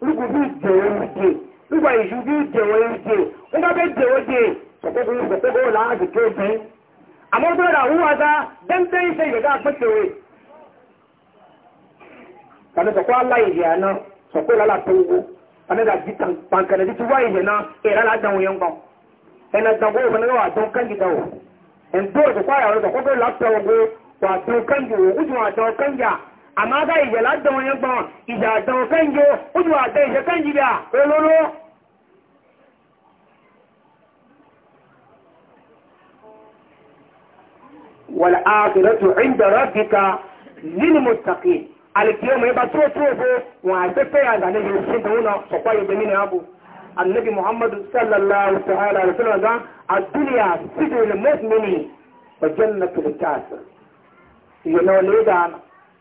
lùkù bí ìdèwọ̀ ìdè lùkù àìsù bí ìdèwọ̀ ìdè wọ́n bá bẹ́ dèwọ̀ dè sọ̀kọ́kọ́ sọ̀kọ́kọ́ láàbì tó dé àmọ́ tó rà wúwa dá dẹ́ńtẹ́ iṣẹ́ ìgbẹ́gá pẹ́tẹ̀wé kàdé sọ̀kọ́ aláìyè àná sọ̀kọ́ lálà tó wó kàdé dà jí pàǹkàdé títí wá ìyè náà èrè aládàwọn yẹn gbọ́n ẹnà dàgbọ́ wọn náà wà dán kánjìdá wò ẹ̀ńdó sọ̀kọ́ àyàwó sọ̀kọ́ tó látọ̀ wọ́n wà dán kánjì wò ó amma za ije laddan wani gbọn ije addan kanjo uju addan ije kanji biya ololo wal akhiratu inda rabbika lil muttaqin alkiyama ba tro tro bo wa ta ta ya da ne shi da wona so kwa yebe mini abu annabi muhammadu sallallahu ta'ala alaihi wasallam da ad-dunya sidul mu'mini wa jannatu lil kafir yana ne da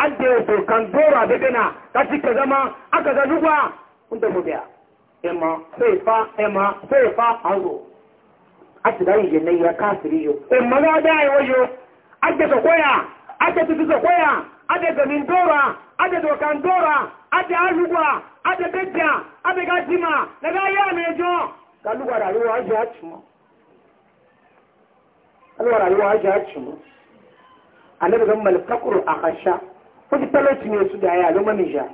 adda ya to kan zora da gana ta cika zama aka ga zuwa inda mu biya emma sai fa emma sai fa hazo a ti da yin nan ya kafiri yo emma ga da yi wajo adda ka koya adda tutu ka koya adda ga min zora adda da kan dora adda lugwa adda bejja adda ga jima na ga ya ne jo ka lugwa da ruwa ji a cimo alwara ruwa ji a cimo annabi zan malfakur a kasha kuji talauci ne su da ya zama nisha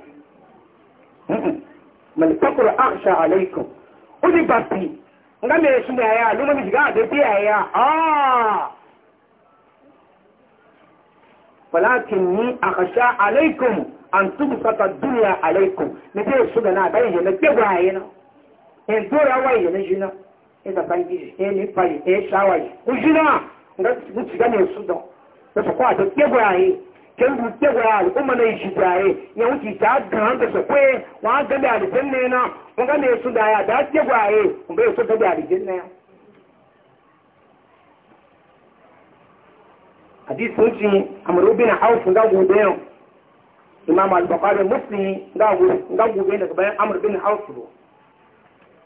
malfakur aksha alaikum uji bafi nga me su da ya zama nisha ga da biya ya ah walakin ni aksha alaikum an tubsata dunya alaikum ne dai su da na bai ne ke gwaye na en dora waye ne jina e da bangi e ni pai e shawai ujina nga mutiga ne su da ko ko da ke gwaye kan rute wa al'umma na shi jaye ya wuce ta gan da su wa ga da alijin na kun ga ne da ya da ke gwaye kun bai su ga da alijin ne hadisi sun ci amru bin ga gobe yau imam al-bukhari muslim daga bayan amr bin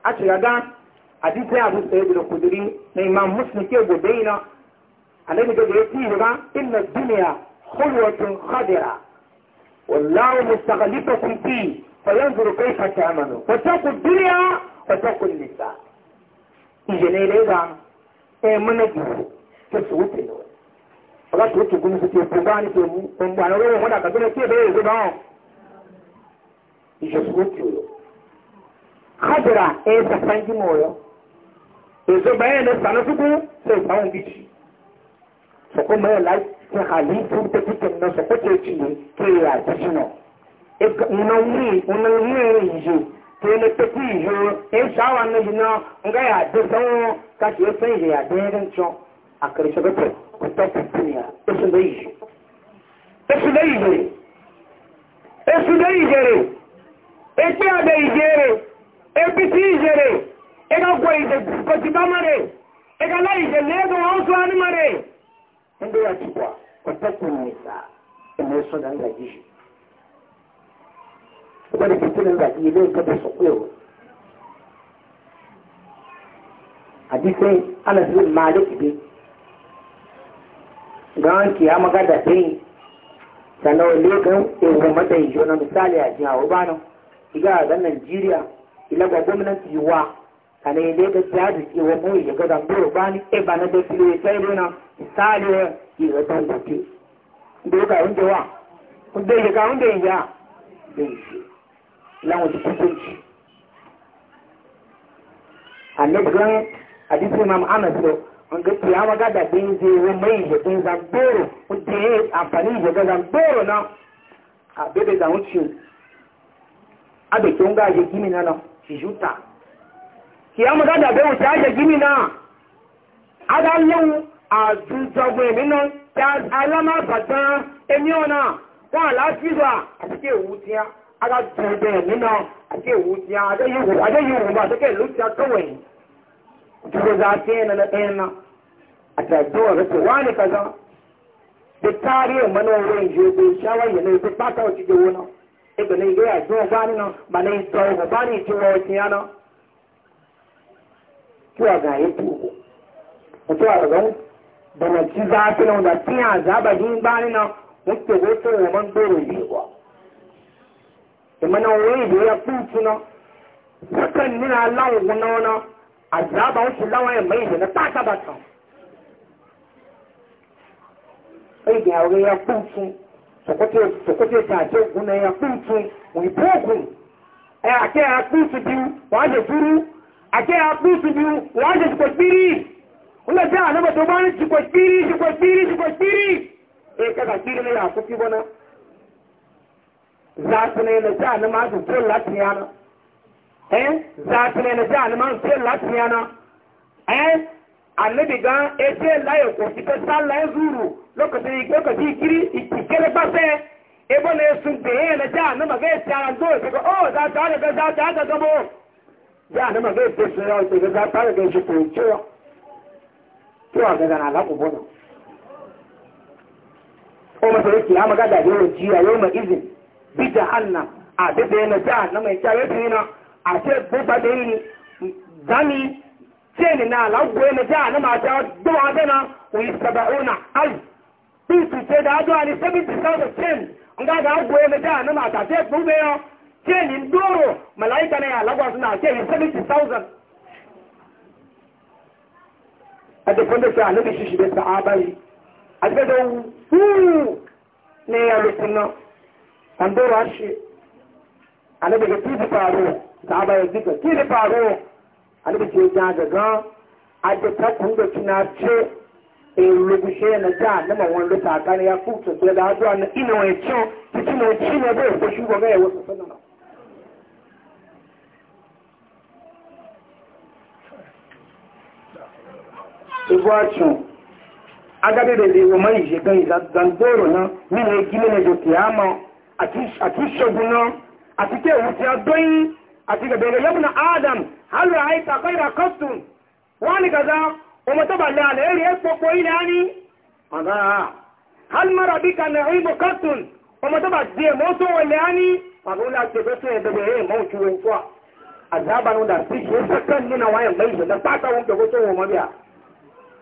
a ce ga ya abu kudiri na imam muslim ke gobe ina annabi ya خلوة خضرة والله مستغلفكم فيه فينظر كيف تعملوا فاتقوا الدنيا فاتقوا النساء إجينا إليها إيمانا جيسو تسوي تنوي ọlá tó tó gúnmí títí òkú bá ní tó mú ọmọ àwọn olówó wọn àgbàdo náà tí èbèrè èso bá wọn ìṣòṣùwò tí ó lọ. kájọra ẹ sàfáńjì mọ ọyọ èso báyẹn lè sànú fúkú ṣe ìpamọ́ bíjì sọkọ mọ ẹ láì ta halittun ta cikin nasa kwace ci ne ke ya ta sino unanwi unanwi yijo to ne ta ku yijo e shawa na jina nga ya ta sanwo ka ce ya san ya ta yaran co a karshe ga ta ku ta tattuniya ta su da yijo ta su da yijo ta su da yijo e ti ada ijere e bi ti ijere e ka gwa ije ko ti ba mare e ka la ije le do hausa ndị ya ci kuwa kwatakun nisa ji yaso da zagi shi wani fitinan zagi zai gaba su kuyo ana zuwa malik ga nke ya maga da sai sannan wale kan ewu mata yi na misali a jiha iga ga nigeria ga gwamnati yiwa sannan ya lega jihadi ewu mu ya ga na da ya tarihi yiwa don gobe doka wanda wa wanda ya ga wanda ya da yi lan wata hukunci annabi gan hadisi imam anas da wanda ya maga da bin zai mai da bin zamboro wanda ya yi amfani da ga zamboro na a bebe da wuce a da kyan gaje gini na nan shi juta ki ya maga da bai wuce a gini na a ga yau àdúgbò ìmínà alámàbàtà ẹni ọ̀nà wọn àlàáfíà àti kí tí a alájọdẹ ìmínà àti tí a adéyìnwó bá ìlú a tọ́wọ̀ yìí a tí ẹ̀nà na ẹ̀nà àti àjọwọ̀ rẹ̀ tó wá ní kaza bí táàrí ìmọ̀ náà wọ́n ìgbé ní náà da na ci zafi na wanda tiya zaba jin bani na mutu wato wa man doro yiwa da mana wani da ya kuci na sakan nuna lawan guna wana a zaba wasu lawan ya mai da na tata bata ai da yawon ya kuci sokote ta ce guna ya kuci wani pokun ai a ke ya kuci biyu wajen furu a ke ya kuci biyu wajen kwasbiri nga ta ana ba domin shi kwastiri shi kwastiri shi kwastiri eh não kiri ne ya kuki bana za su ne na não ana ma su ce latiyana eh za su ne na ta ana ma su ce latiyana eh annabi ga ese laye ko fita sallaye zuru lokacin lokacin kiri ikikere e ebo ne sun beye na ja na maga ese não do se ko oh za ta ga za ta ga gabo ja na maga ese sun ya se ga za ta ga shi ko cewa tí wọn gangan alákòbọ náà ó mọ sọrọ kì í amaga dàbí ọrọ jí ayé ọmọ izin bíjà àná àbẹbẹ ẹnà tí àná mọ ẹkí ayé tìǹ àti ẹgbẹgbà lẹyìn ni dání tíyẹnì náà aláwọ ẹnà tí àná máa jẹ ọdún wọn bẹ náà òyì sábà ó nà áyì bí ìtùtù ẹdá ọdún àní sẹbìtì sáwọ tíyẹnì nga ga agwọ ẹnà tí àná máa tà tí ẹgbẹgbẹ yọ tíyẹnì ń dúró màláyíkà náà aláwọ àti náà tíyẹnì sẹbìtì sáwọ da kwanda sai annabi shi shi da sahaba yi a ga da hu ne ya rukunna an dora shi annabi ga tibi faro sahaba ya zika tibi faro annabi ce ya gaga a da ta kunga kina ce e lugushe na ja na ma wani lutakani ya fuka sai da hazuwa na ina wani cin cikin wani cin igwacin agade da zai zama yi shekan zangoro nan nina gina na da kiyama a tushagu nan a cikin wuciya don a cikin daga yabna adam har da haita kai da kastun wani kaza o mata ba ni maza hal mara bika na ibo kastun o moto wale ani maza wula ce bai sun yadda bai yi mawuci wani kuwa a zabanin da su shi sakan nuna wayan bai shi da fata wani da gosowa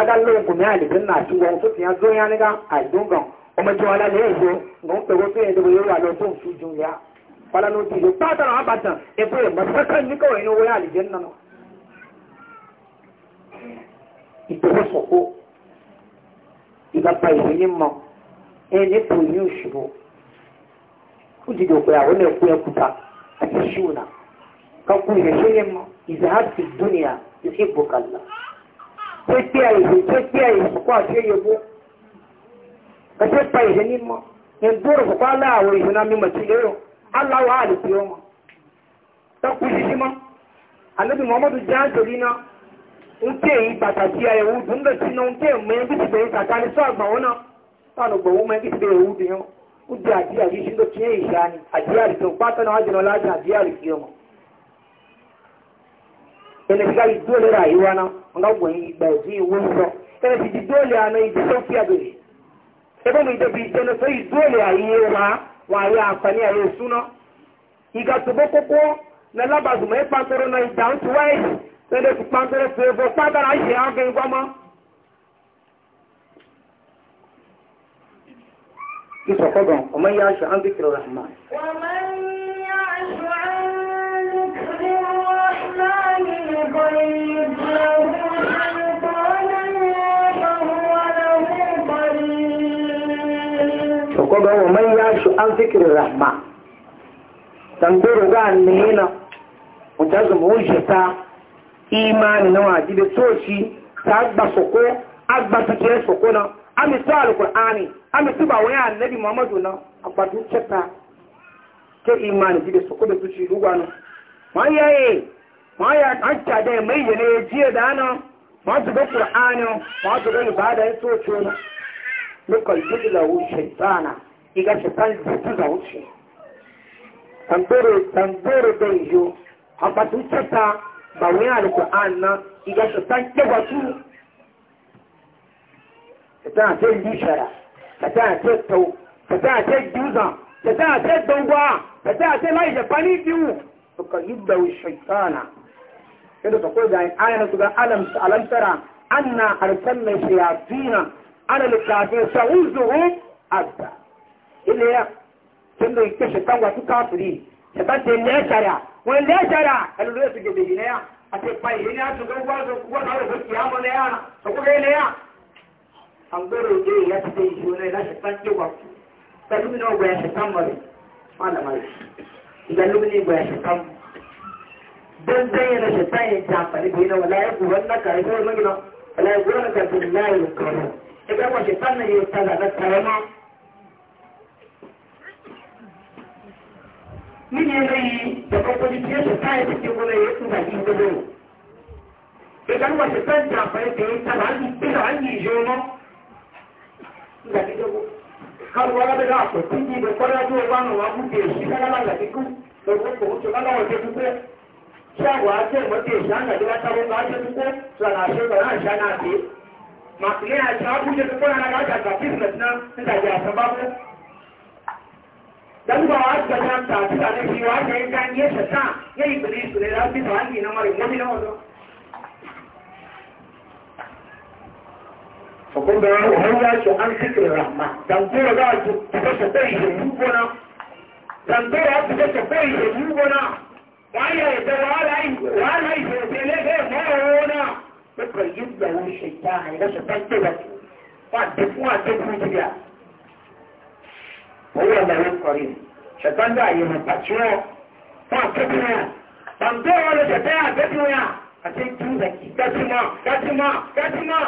aga lóhùn kò ní àlìbí nà àti wọn tó tìyàn dúró yán nígbà àìdún gan ọmọ ìjọ alẹ́ lè yọ òun pẹ̀lú tó yẹn dẹ̀bọ̀ yóò àlọ́ tó ń fi jù yá wàlá ló ti yọ pátá náà abàtàn ètò ìmọ̀ sẹ́kẹ̀ ní kọ̀wé ní owó àlìbí nà nà. ìdòwò sọ̀kó ìgbàgbà ìwé ní mọ ẹ ní pò ní òṣùwò ó ti dòkò àwọn náà kú ẹkùtà àti ṣùnà kakú ìrẹsẹ́ ní mọ ìzàhàtì dúnìyà ìfẹ́ bùkàlà tẹ́tíà ìlú tẹ́tíà ìsìnkú àṣeyẹ̀bú ẹ̀ṣẹ́ pa ìṣẹ́ nímọ̀ ẹ̀dúró kòkó aláàwọ̀ ìṣúná mímọ̀ tí lérò aláwọ̀ àlùkò ọmọ tọ́kù ṣíṣí mọ́ àlébì muhammadu jẹ́ àjòrí náà ń tẹ́ èyí pàtàkì àyẹ̀wò dùndọ̀ náà ń tẹ́ ẹ̀mọ́ ẹbí ti bẹ̀rẹ̀ kàkà ní sọ àgbà wọn náà fáwọn ògbòwò ene shiga yi dole rayuwa na nga gwani ba zai wunso ene shi ji dole a na yi sauki a dole ebe mai da bi jana sai dole a yi wa wa yi amfani a yi suna iga tubo koko na labazu mai kpantoro na idan tu wai sai da su kpantoro su ebo kpantara shi a ga igwama Kisokogon, ọmọ ya ṣe an zikirar Rahman. Wàmán ya ṣe an zikirar Rahman. kwaba wa man yashu an fikirin rahma tamboro ga annina mutazu mujata imani na wajibi toshi ta agba soko agba tukire soko na ami to alqur'ani ami tuba wa ya annabi muhammadu na agbadu cheta ke imani jibe soko da tuci rugwanu wayaye ma ya an cada mai yana jiya da ana ma su ga qur'ani ma su ga ibada ya so ce na lokal jidla hu shaytana iga shaytan zutu da wuce tambere tambere da yo hamba tu tata ba wani alquran na iga shaytan ke watu ta ta bishara ta ta yadda ta koyi yin ayyana su ga alamtara alam alamtara anna arsalna shayatina ala likafir sa'uzuhu azza ile ya da yake shaitan wasu kafiri shaitan ce ne shara wani ne shara kalu da su gebe ne ya a ce bai ne ya su ga gwa su gwa na su kiyama ne ya su kuma ne ya an goro je ya ci dai shi ne na shaitan ke wasu kalu ne wa shaitan mare malama idan lumini wa shaitan dandan yana shaitan ya ji amfani da yana wala ya guran na ka ya zo gina wala ya guran na ka tun na yi karo idan wa shaitan na yi ta zaga tarama min yana yi da kwakwani fiye shaitan ya cikin gona ya tun zaki da zo idan wa shaitan ya amfani da ya ta da hanyar bisa hanyar joma shagowa ce mafi shanga da wata mun gashi duko tsanashe ba ran shana ce masu ne a cewa kuke duko na gashi ga business na inda ke asa babu dan ba wa ta ta ta ta ne shi wa ta yin kan ya ta ta ya yi iblis ne da bi ta na mare mu na wato fakon da wani ya ce an zikirin rahma dan ko za a ta ta ta shi mu gona dan ko ya ta ta ta shi mu gona wáyé ẹ̀jẹ̀ wàhálà ìfẹ̀sẹ̀ lẹ́gbẹ̀ẹ́ mọ́rọ̀ owó náà pẹ̀pẹ̀ yìí gbẹ̀wò ṣètà àìlẹ́sọ̀ pẹ́ńtẹ̀ wà fún àdékún àdékún ìdíyà owó ọ̀làwé kọrí ṣẹ̀tọ́ndà àyẹ̀wò pàtó fún àdékún náà pàǹtó ọ̀rọ̀ ṣẹ̀tẹ́ àdékún náà àti ìtúndà kí gátìmọ̀ gátìmọ̀ gátìmọ̀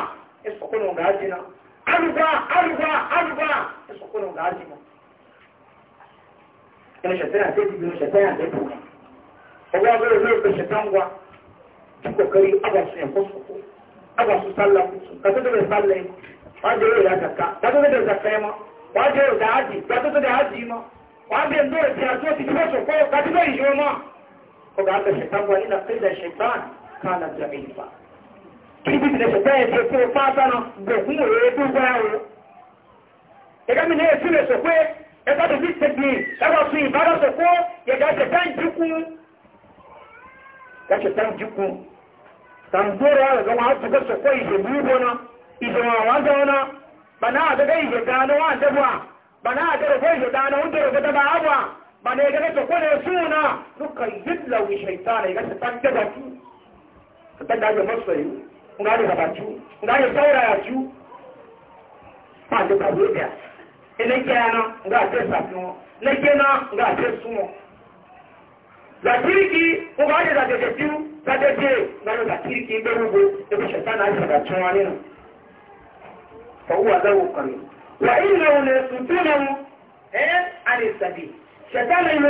ẹ̀sọ̀kúnnù gàájìnà arúgbà arúgbà arúgbà ẹ̀sọ̀kúnnù gàájìnà ẹ̀ṣẹ̀tẹ́ àdékún náà kowa zai zai kashe tangwa ta kokari aba su yankon su aba su sallah su ka tuta da sallah yi ba da yau ya zakka ba tuta da zakka ma ba da yau da haji ba tuta da haji ma ba da yanzu da tiya so ti tuta su ko ka tuta yi shi ma ko ga aka shaitan wa ina kai da shaitan kana da ilfa kibi da shaitan ya ce ko fata na da kuma ya yi duba yawo kashe tan jikun dora da zama har tuga su kwai ke bubo na ije ma wa zauna bana a daga ije gano wa ba bana a daga kwai dana gano wanda daga daba abwa bana ya daga su kwane suna duka yidla wi shaitana ya gasa tan daga ku ta tan daga masoyi nga ne gaba cu nga ne saura ya cu ba da kabo da ina sa nga ce safi na kiyana nga ce sumo zakiriki ubaje za jejetiu za jeje ngano zakiriki ibe hugo ebe shetani aisha da chwa neno fa huwa lahu qarin wa innahu la yasuddunahu na e, ani sabi shetani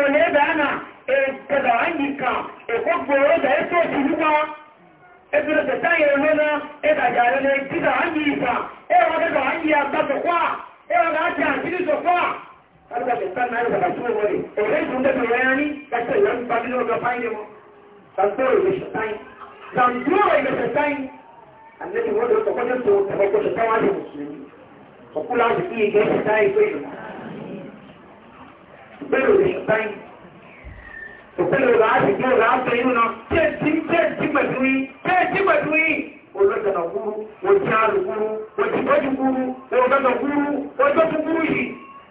ana e kada angika e kogbo da eso chiruwa ebile Karka da san na yi daga cikin wani, ɗaya sun da tura yani, ka ce yan fadi da wata fayin mu. Santoro da shatain. Santoro da shatain. Annabi wanda wata kwanan to ta farko ta tawa da musulmi. Ka kula da iya ga shatain ko shi. Bẹ́ẹ̀rù da shatain. Òpèlè rà á sì gbé rà á sọ inú náà. Kéèjì kéèjì mẹ̀dúrí, kéèjì mẹ̀dúrí. Olóòtú gúrú, òjì àlùkúrú, òjì bọ́jú gúrú, òjò gúrú, òjò gúrú yìí.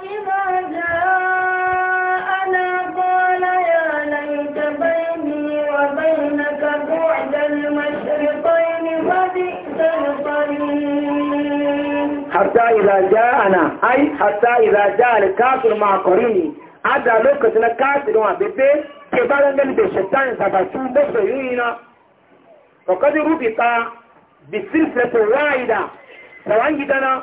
حتى إذا جاءنا أي حتى إذا جاء الكافر مع قريني أدى لوكة الكافر مع بيبي كبالا من بشتان سبسون بسيونا فقد ربط بسلسلة واحدة سواء جدنا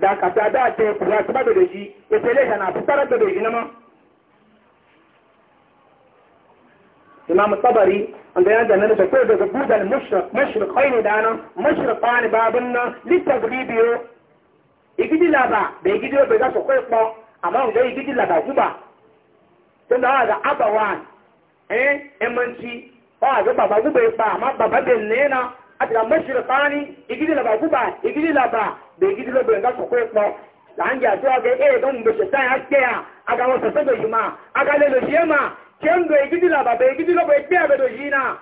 da ta da ta yi kuwa ta bada da shi ya sai ta na fitar da shi na ma imam tabari wanda yana zanen da kai daga budal mashrikai ne da nan mashrikai ne babin nan littabribiyo igidi laba da igidi obe za su kwaikwa kpọ amma wanda igidi laba guba tun da wa ga abawa eh emanci wa ga baba guba ya ba amma baba bin ne na a tira mashrikai ne igidi laba guba igidi laba begidi lo benga ko ko an ja to a e don be se tan akke ya aga wo se do yuma aga le lo yema ken do gidi la ba begidi lo be pe abe do yina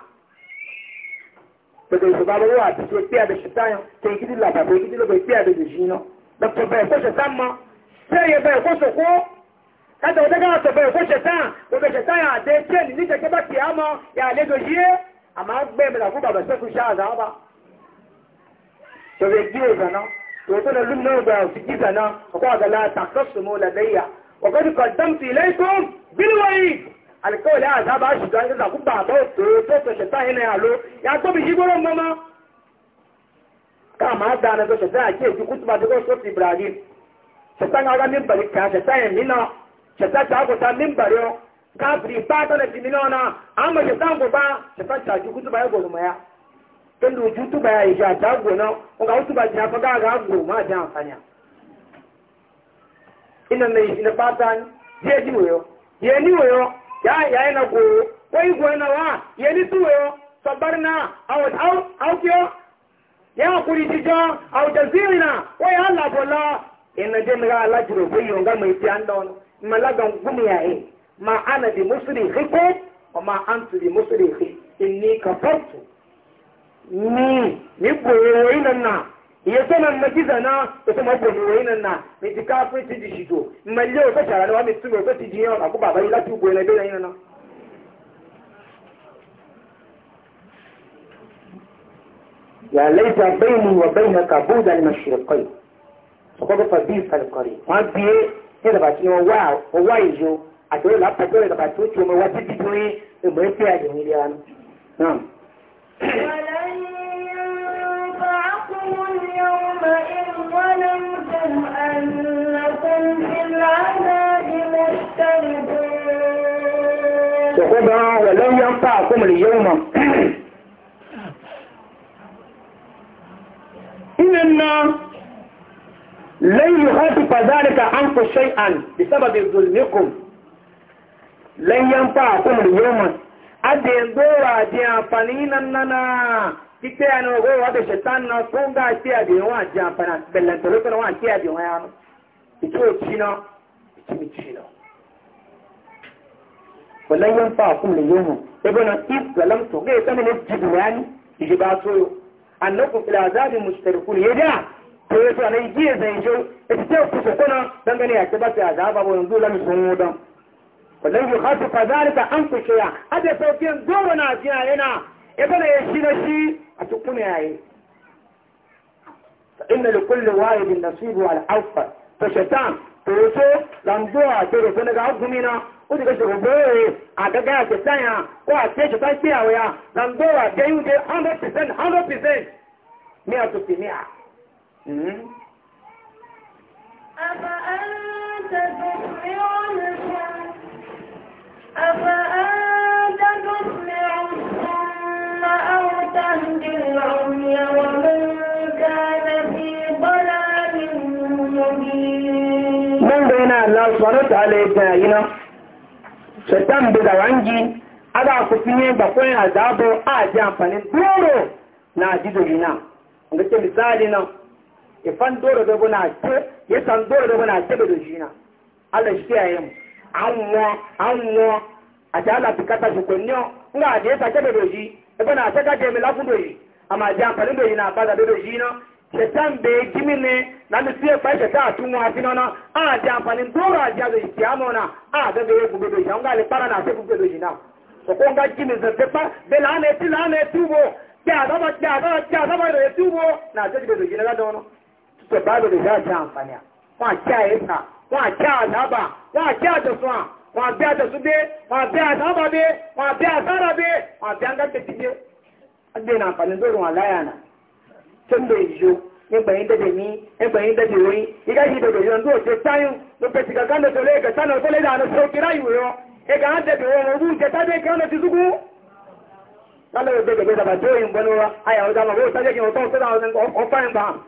be do so ba lo wa ti so pe abe se tan ken gidi la ba begidi lo be pe abe do yina da to ko se ma se ye be ko so ko kada o daga to be ko se tan o be se ya de ni ke ti ya le do yie ama gbe me la ku se ku sha to ita da lullu da su gida na kwa ga la takassu mu ladayya wa qad qaddamtu ilaykum bil wali alqawl ya za ba shiga ina ku ba ba to to to ta ta ina yalo ya to bi jigoro mama kama da na to ta ta ke ku kutuba da ko ta ta ga bari ka ta ta ni na ta ta ta ko ta min bari ka bi ta ta ni na amma ta ta ko ba ta ta ta ku kutuba ya goro maya pẹ̀lú ojú tó bá ìjà àjágbò náà ọgá ó tó bá jìnà fọ́gá àgá àgbò máa jẹ́ àǹfààní iná na ìsinà pátá ní díẹ̀ ní wòyọ́ yẹ ní wòyọ́ yáyà ẹ̀nà gbòòrò wọ́n ìgbò ẹ̀nà wá yẹ ní tó wòyọ́ sọ̀bárí náà àwòkíọ́ yẹ àkúrí jíjọ́ àwòjẹ̀sírì náà wọ́n yà á làbọ̀ lọ iná jẹ́ nígbà alájùrò pé yọ̀ǹgá ma ana di mùsùlùmí kọ́ ọ̀ma àǹtù ni ni boye wai nan na ya sanan na giza na ya sama boye wai nan na mai ti kafin ti di shito malle o kashara na wani tsumo ko ti di yawa aku baba ila tu boye na bela yin na ya laita baini wa bainaka buda al-mashriqai sokoko fa bi fal qari wa bi ke da ba ti wa wa wa ijo ajo la pa ko da ba tu tu mo wa ti di ni mo e pe ajo ni ya na سخبها ولن ينفعكم اليوم إننا لن يخفف ذلك عنكم شيئا بسبب ظلمكم لن ينفعكم اليوم adin dowa di amfani nan nana kike ya ne go wa da shaitan na ko ga ki a bi wa ji amfani bellan to ko wa ki a bi wa ya no ito chino chimi chino wallahi yan fa kun ne yemu ibn islam to ga sami ne jibu yani ji ba so yo annakum fil azabi mustarikun yada to yato ne ji zai jo ita ku so kona dangane ya ke ba ta azaba bo yanzu lamu sun dan. ولن يخفف ذلك عنك شيئا هذا سوكين دور ناسي علينا ابن يشين شيء أتكون هاي فإن لكل واحد نصيب على الحفة فشتان توسو لمدوها تيجي سنة عبد منا ودي كشي غبوه أتكا شتان يا وعطي شتان فيها ويا لمدوها تيجي 100% 100% مئة في مئة أفأنت أفأنت تسمع الصم na تهدي العمي ومن كان في na مبين من بين الله a ji amfani doro na jidori na ga ce misali nan ifan doro da buna ce ya san doro da buna ce na Allah shi ya yi mu àwọn àwọn àjálà bìkátà ṣùkò ní ọ ńgbà àdé sàkẹ́dọ̀dọ̀ yìí ẹgbẹ́ náà àtẹ́kàjẹ́ mi láfúndò yìí àmà àjẹ́ àǹfààní dò yìí náà bá dàdọ̀dọ̀ yìí náà ṣẹ̀tà ń bẹ jímí ni láti sí ẹ̀pá ìṣẹ̀tà àtúnwọ̀n àfinà náà àjẹ́ àǹfààní dóòrò àjẹ́ àjọ ìṣẹ́ àmọ́ náà àgbẹ̀gbẹ̀ gbogbo ìṣẹ́ àwọn gàlẹ̀ para náà àti gbogbo ìṣẹ́ náà ọ̀pọ̀ ń gá jímí zẹ̀tẹ́pá bẹ́ẹ̀ lánà etí lánà etí wo kí àdábà wọn àti àdábà wọn àti àtẹ̀sùn à wọn àti àtẹ̀sùn dé wọn àti àdábà dé wọn àti àtàrà dé wọn àti àgàtẹ̀ ti dé. náà àǹfààní lórí wọn láyà náà tó ń lo ìjó nígbẹ̀yìn dẹ̀dẹ̀ ní nígbẹ̀yìn dẹ̀dẹ̀ orí ìgbà yìí dẹ̀dẹ̀ yọ̀ ní òjò táyùn ló pèsè kankan lọ́sọ̀ lé ẹ̀kẹ́ sánà tó lé dànù sí òkè ráyù rọ ẹ̀kẹ́ á dẹ̀dẹ̀ wọn orú ìjẹ tábẹ́ kí wọ́n lọ ti dúkú. lálẹ́ òjò gbẹgbẹ́ dàbà tó yìnbọn lọ́wọ́ ayàwó dàmọ́ wọ́n sájẹ́ kí wọ́n tọ́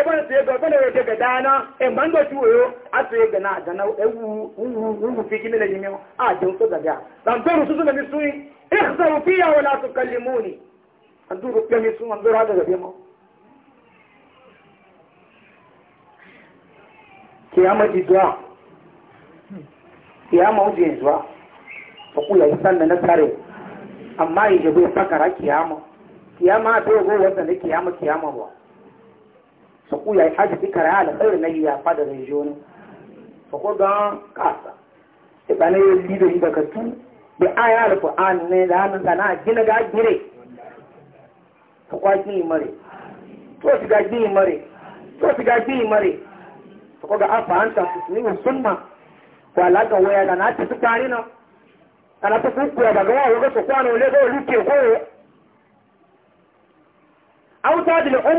ebona tsaye ga bana yau daga dana e manga tuwo a tsaye ga na dana ewu wu fiki mila jimi a jin su gaga dan duru su suna misui ihzaru fiya wala tukallimuni an duru ya misu an duru haka gabe mu kiyama ji zuwa kiyama wuce zuwa ta kula yi sannan na tsare amma yi jabe fakara kiyama kiyama ta yi gowar da kiyama kiyama ba sọ̀kú ya ìfájì tí kàrà àlẹ́ fẹ́rẹ̀ lẹ́yìn yà fàdà rẹ̀ jọ ní sọ̀kú gan kàṣà ìbànú yóò lílo yìí daga tún bí ayé àlùfọ̀ àánú ní lánà gánà gínà gá gírè sọ̀kú àgbín ìmọ̀rẹ̀ tó ga ìmọ̀rẹ̀ tó ga ìmọ̀rẹ̀ ga musulma ko alaka waya da na ta na ta daga ga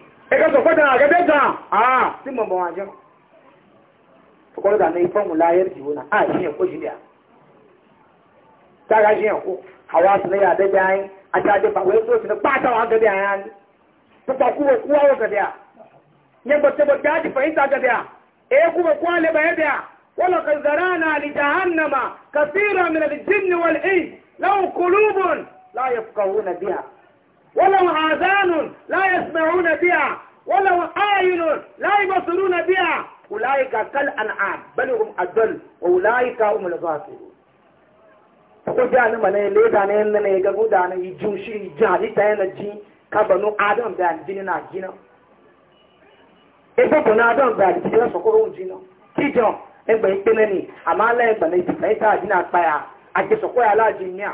ẹgbẹ́ sọ̀kọ́dà àgẹ́dẹ́gbà àà tí mọ̀ bọ̀ wọn jẹ́ sọ̀kọ́dà ní ifọ̀mù láyé jùlọ náà àà ṣíyàn kó jìlẹ̀ tára ṣíyàn kó àwọn àtúnlẹ̀ yà dẹ́gbẹ́ àti àjẹpà wẹ́ẹ́ tó ṣẹlẹ̀ pátá gẹ́gẹ́ ayé ni púpọ̀ kúrò kú àwọn gẹ́gẹ́ à yẹn gbọ́tẹ́gbọ́ jáde fẹ̀yìntà gẹ́gẹ́ à èékú bẹ̀ kú àlẹ́ bẹ̀ yẹ́gẹ́ à wọ́n lọ́kọ̀ zarana àlì jahannama kàfíìrà mìíràn jìnnì wọ́n ẹ̀ ولو آذان لا يسمعون بها ولو أعين لا يبصرون بها أولئك كالأنعام بل هم أدل وأولئك هم الغافلون ko jani mana le da ne nan ne ga guda ne ju shi jali ta yana ji ka banu adam da aljini na jina e ko banu adam da aljini na sokoro na ki jo e gbe pe ne ni amala e gbe ne ti fa ta na pa ya a ake sokoro ala jina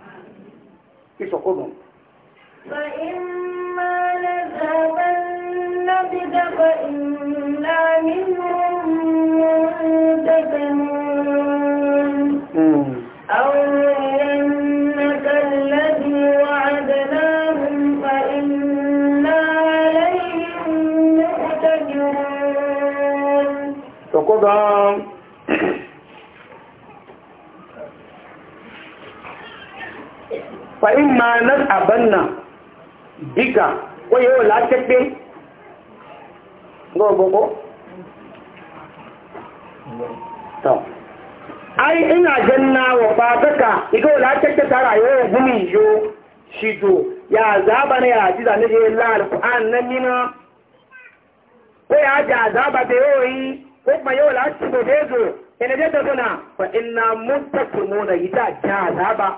في عقولهم فإما نذهبن بك فإنا منهم منتقمون أو نرينك الذي وعدناهم فإنا عليهم مقتدرون fa in ma nan abanna bika waye yau latakpe gogogo to ai ina janna wa fataka igo latakpe ta rayuwa gumi yo shido ya zaba ne ya ji zane je la alquran nan nina ko ya ji azaba da yoyi ko kuma yau latakpe da zo ina da na fa inna mutakimuna ita ja azaba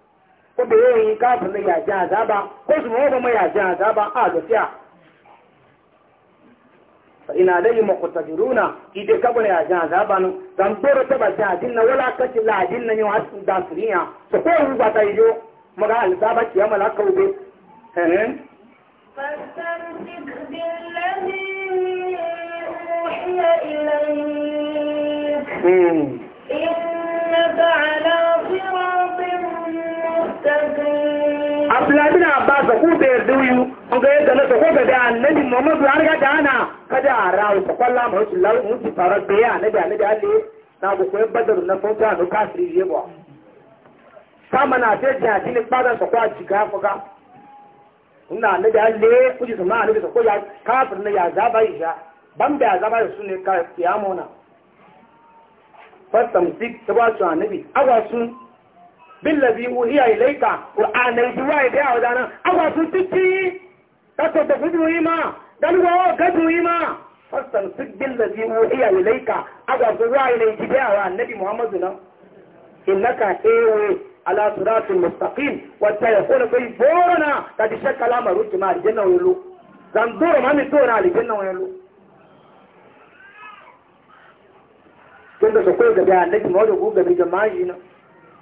ko bai yawan kafin nan ya ji azaba ko su mawa ma ya ji azaba a gafiya ina da yi dai muqtadiruna ide kabula ya ji azaba nan dan dora ta ba ji adin na wala kace ladin yi wa asu da suriya su ko yi ba ta yijo maga alzaba ki amala ka ube eh فاستمسك بالذي abdullahi abbas ku da yarda wuyu ku ga yadda na sako ga da annabi muhammadu har ga dana kada a rawu ta kwalla mu shi lawu mu farar da ya annabi annabi alle na ku koyi badar na fota no kasiri je ba sama na ce ta da tin fara sako a jiga fuka na annabi alle ku ji sama annabi sako ya kafin na ya zaba yi sha ban da ya zaba yi su ne ka ta ba su annabi aga sun bílẹ̀bí wo híyà ilé ìkà ààrẹ ìdíwá ìdí àwọ̀dáná agbàtún títí látọ̀ tẹ̀fúdùn yìí máa dálúwọ̀ ọ̀ gẹ́dùn yìí máa fọ́sàn sí bílẹ̀bí wo híyà ilé ìkà agbàtún wá ilé ìdíbí àwọn anẹ́bí muhammadu náà ìnáka ewe mustaqim wata ya kone kai borona ta di shakka lamaru ki aljanna wani lo zandoro ma tona aljanna wani lo tun da su kai gabi annabi ma wajen gabi jama'i na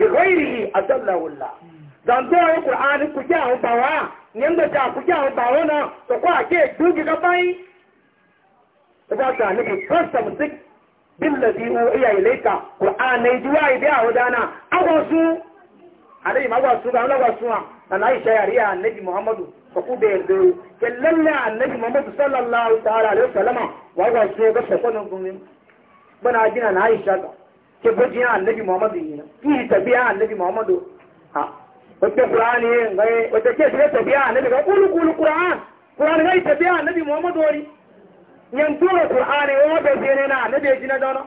bi ghairihi adallahu Allah zanto ayi qur'ani ku ja hu bawa nyanda ta ku ja hu bawa na to ko ake dugi ga bai da ta ni ku fasta mutik billazi uhiya ilayka qur'ani juwa ibi a wadana su alai ma su ga magwasu na na isha yariya annabi muhammadu ko ku de de ke lalle annabi muhammadu sallallahu ta'ala alaihi wasallama wa ga su ga sakonin gumin bana gina na aisha ke bajin annabi muhammadu yi ki tabiya annabi muhammadu ha wata qur'ani ngai wata ke sai tabiya annabi ga kulu kulu qur'an qur'an ngai tabiya annabi muhammadu wani yan dole qur'ani wa ba sai ne na annabi ji na dana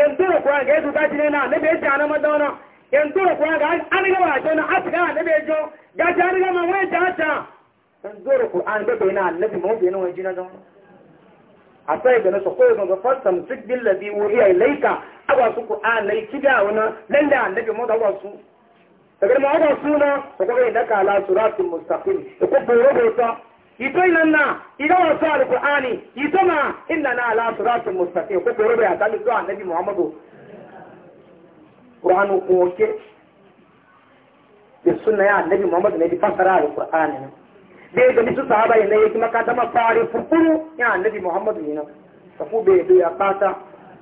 yan dole qur'an ga su ji ne na annabi ji na ma dana yan dole qur'an ga an ga wa dana asga annabi jo ga ta ga ma wai ta ta yan dole qur'an ga bai na annabi muhammadu ne wai ji na dana asa ga na sokoyo ga fasam tik billazi wuriya ilaika aba su qur'an lai kida wana nan da annabi mu da wa su daga ma wa su na sokoyo da ka ala suratul mustaqim ko boro go ta ito nan na ida wa su alqur'ani ito ma inna na ala suratul mustaqim ko boro ga ta zuwa annabi muhammadu qur'anu ko ke da sunna ya annabi muhammadu ne bi fasara alqur'ani bai ga nisu sahaba yana yake makadama fare furfuru ya annabi muhammadu ne sako bai yado ya fata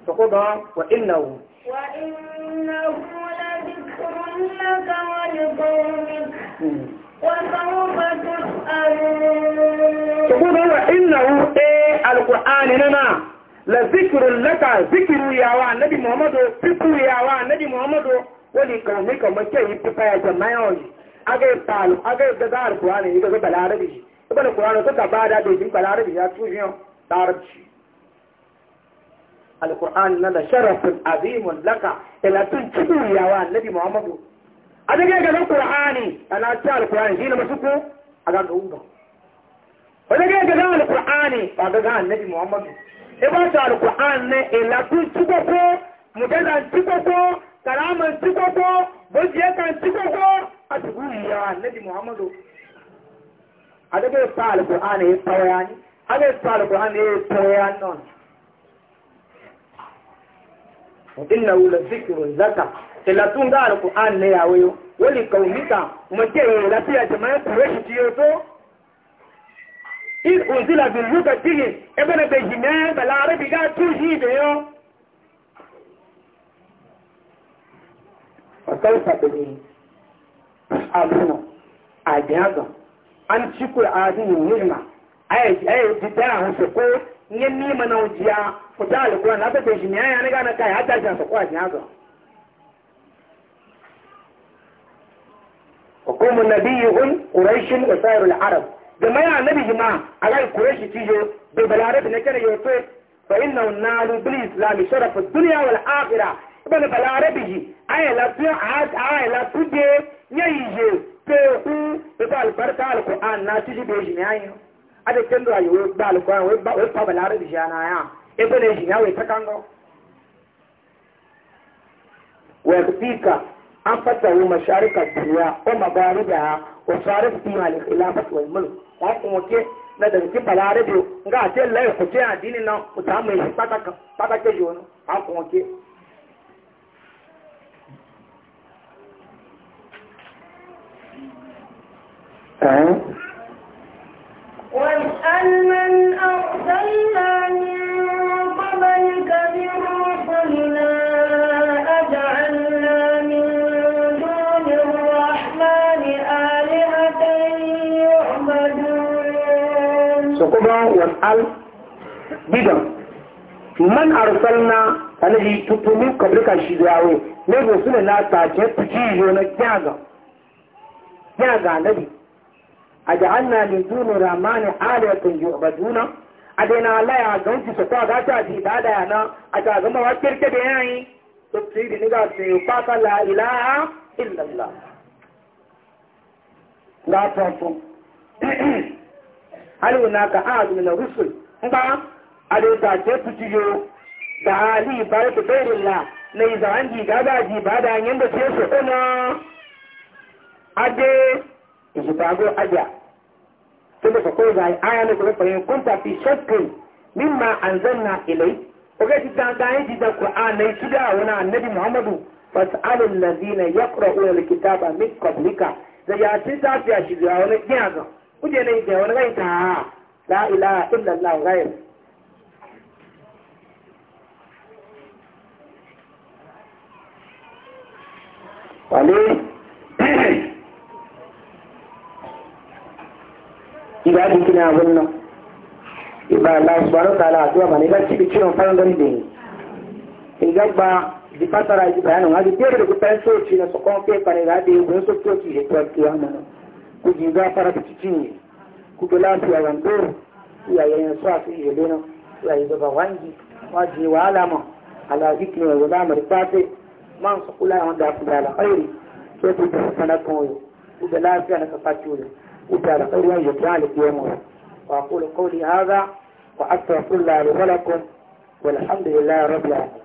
sako ga wa innahu wa innahu la dhikrun laka wa li qawmik hmm. wa sawfa tus'alun sako ga wa innahu eh alqur'ani nana la dhikrun laka dhikru ya wa annabi muhammadu dhikru ya wa annabi muhammadu wa li qawmik ma kai tuka ya agai salu agai da zahar kurani ita ga balarabi shi ita da kurani suka ba da dojin balarabi ya tushe yau larabci alkur'ani na da sharafin azimun laka ilatun cikin yawa annabi muhammadu a daga ganin kur'ani ana ci alkur'ani shi ne masu ku a ga gauba a daga ganin alkur'ani ba ga ga annabi muhammadu ita ta alkur'ani ne ilatun cikin ko mutazan cikin ko karaman cikoko bajiya kan cikoko a tukuri e e ya annabi muhammadu a daga ya sa alkur'ani ya tsawaya ni a daga ya sa alkur'ani ya tsawaya non na wula zikiru zaka tilatun ga alkur'ani ne ya wayo wani kaumika mace yi lafiya jama'a kureshi ciyo to in unzila bin luka cikin ebe na bai jimai balarabi ga tushi da yau kausa da ne aluna a gyagan an ci kur'adin nirma ayi ji tara musu ko yin nima na ujiya fita alikuwa na ta shi ne ya gana kai hata jan sakwa gyagan hukumun nabiyun quraishin wa sairul arab gama ya nabi jima alai quraishi tijo bai balarabi na kare yoto fa innahu nalu bil islam sharafu duniya wal akhirah bẹ́ẹ̀ ni bàlá arẹ́bì yìí àyẹ̀lá tí àyẹ̀lá tí dé nyẹ́ ìyè pé kú pẹ̀lú àlùbáríkà na àná tí dìbò èyí ni àyìn adé kéndò àyè wọ́n bàlá arẹ́bì yìí àná ebe na èyí ni àwọ̀ ìtẹ́ká ńgọ́. wẹ̀kùpíkà afata wo masharika duniya o magariba o sarif ma al-khilafat wal mulk wa na daga ki balare na wal'al bidan man arsal na alihi tutumi kabrika shi da yawo ne ba su ne lata ce tuki yiwu na kyaga kyaga nabi ajalna min dunu ramani alatun yu'baduna adena la ya gauti to ta ta ji da da yana a ta ga ma wakirke da yayi to ci din ga ce pa ta la ilaha illallah da ta to na ka a min ta ce ku yo da ali bare ta berilla ne da an ji ga ga ji ba da yanda ce su ona ade ji ta go aja tende kwa kweli aya ni kwa kwenye kunta fi shakkin mimma anzalna ilay oge ti tanga qur'an ne ti da wani annabi fas'al alladhina yaqra'una alkitaba min qablika da ya ti fi shi da wani kuje ne da wani gai ta la ilaha illa allah ghayr Valeu! ìgbà bí kí ni àwọn náà ìgbà aláṣùbọ̀nù tààlà àti wà màní láti fi kíran fáńdọ́rì lè ìgbà gba di pátárà ìdí bàyánù wọn àti bẹ́ẹ̀rẹ̀ lóko pẹ́ẹ́ sóòtì náà sọ̀kọ́ pé parí ìrádé ìgbìyànjú sóòtì òtì ìrètò àti àwọn ọmọ kò jì ìgbà afárá ti títì yìí kò tó láti àwọn gbòòrò ìyàyẹ yẹn sọ àti ìrèlé náà ìyàyẹ bàbá wáńjì wọn jì wàhálà mọ àlàáfíà kìnìún ẹ̀rọ láàmúrí pàṣẹ máa ń sọkúlá àwọn dàkúdà àlàkọ́ وكان قولي يجب ذلك يومه وأقول قولي هذا وأستغفر الله لي ولكم والحمد لله رب العالمين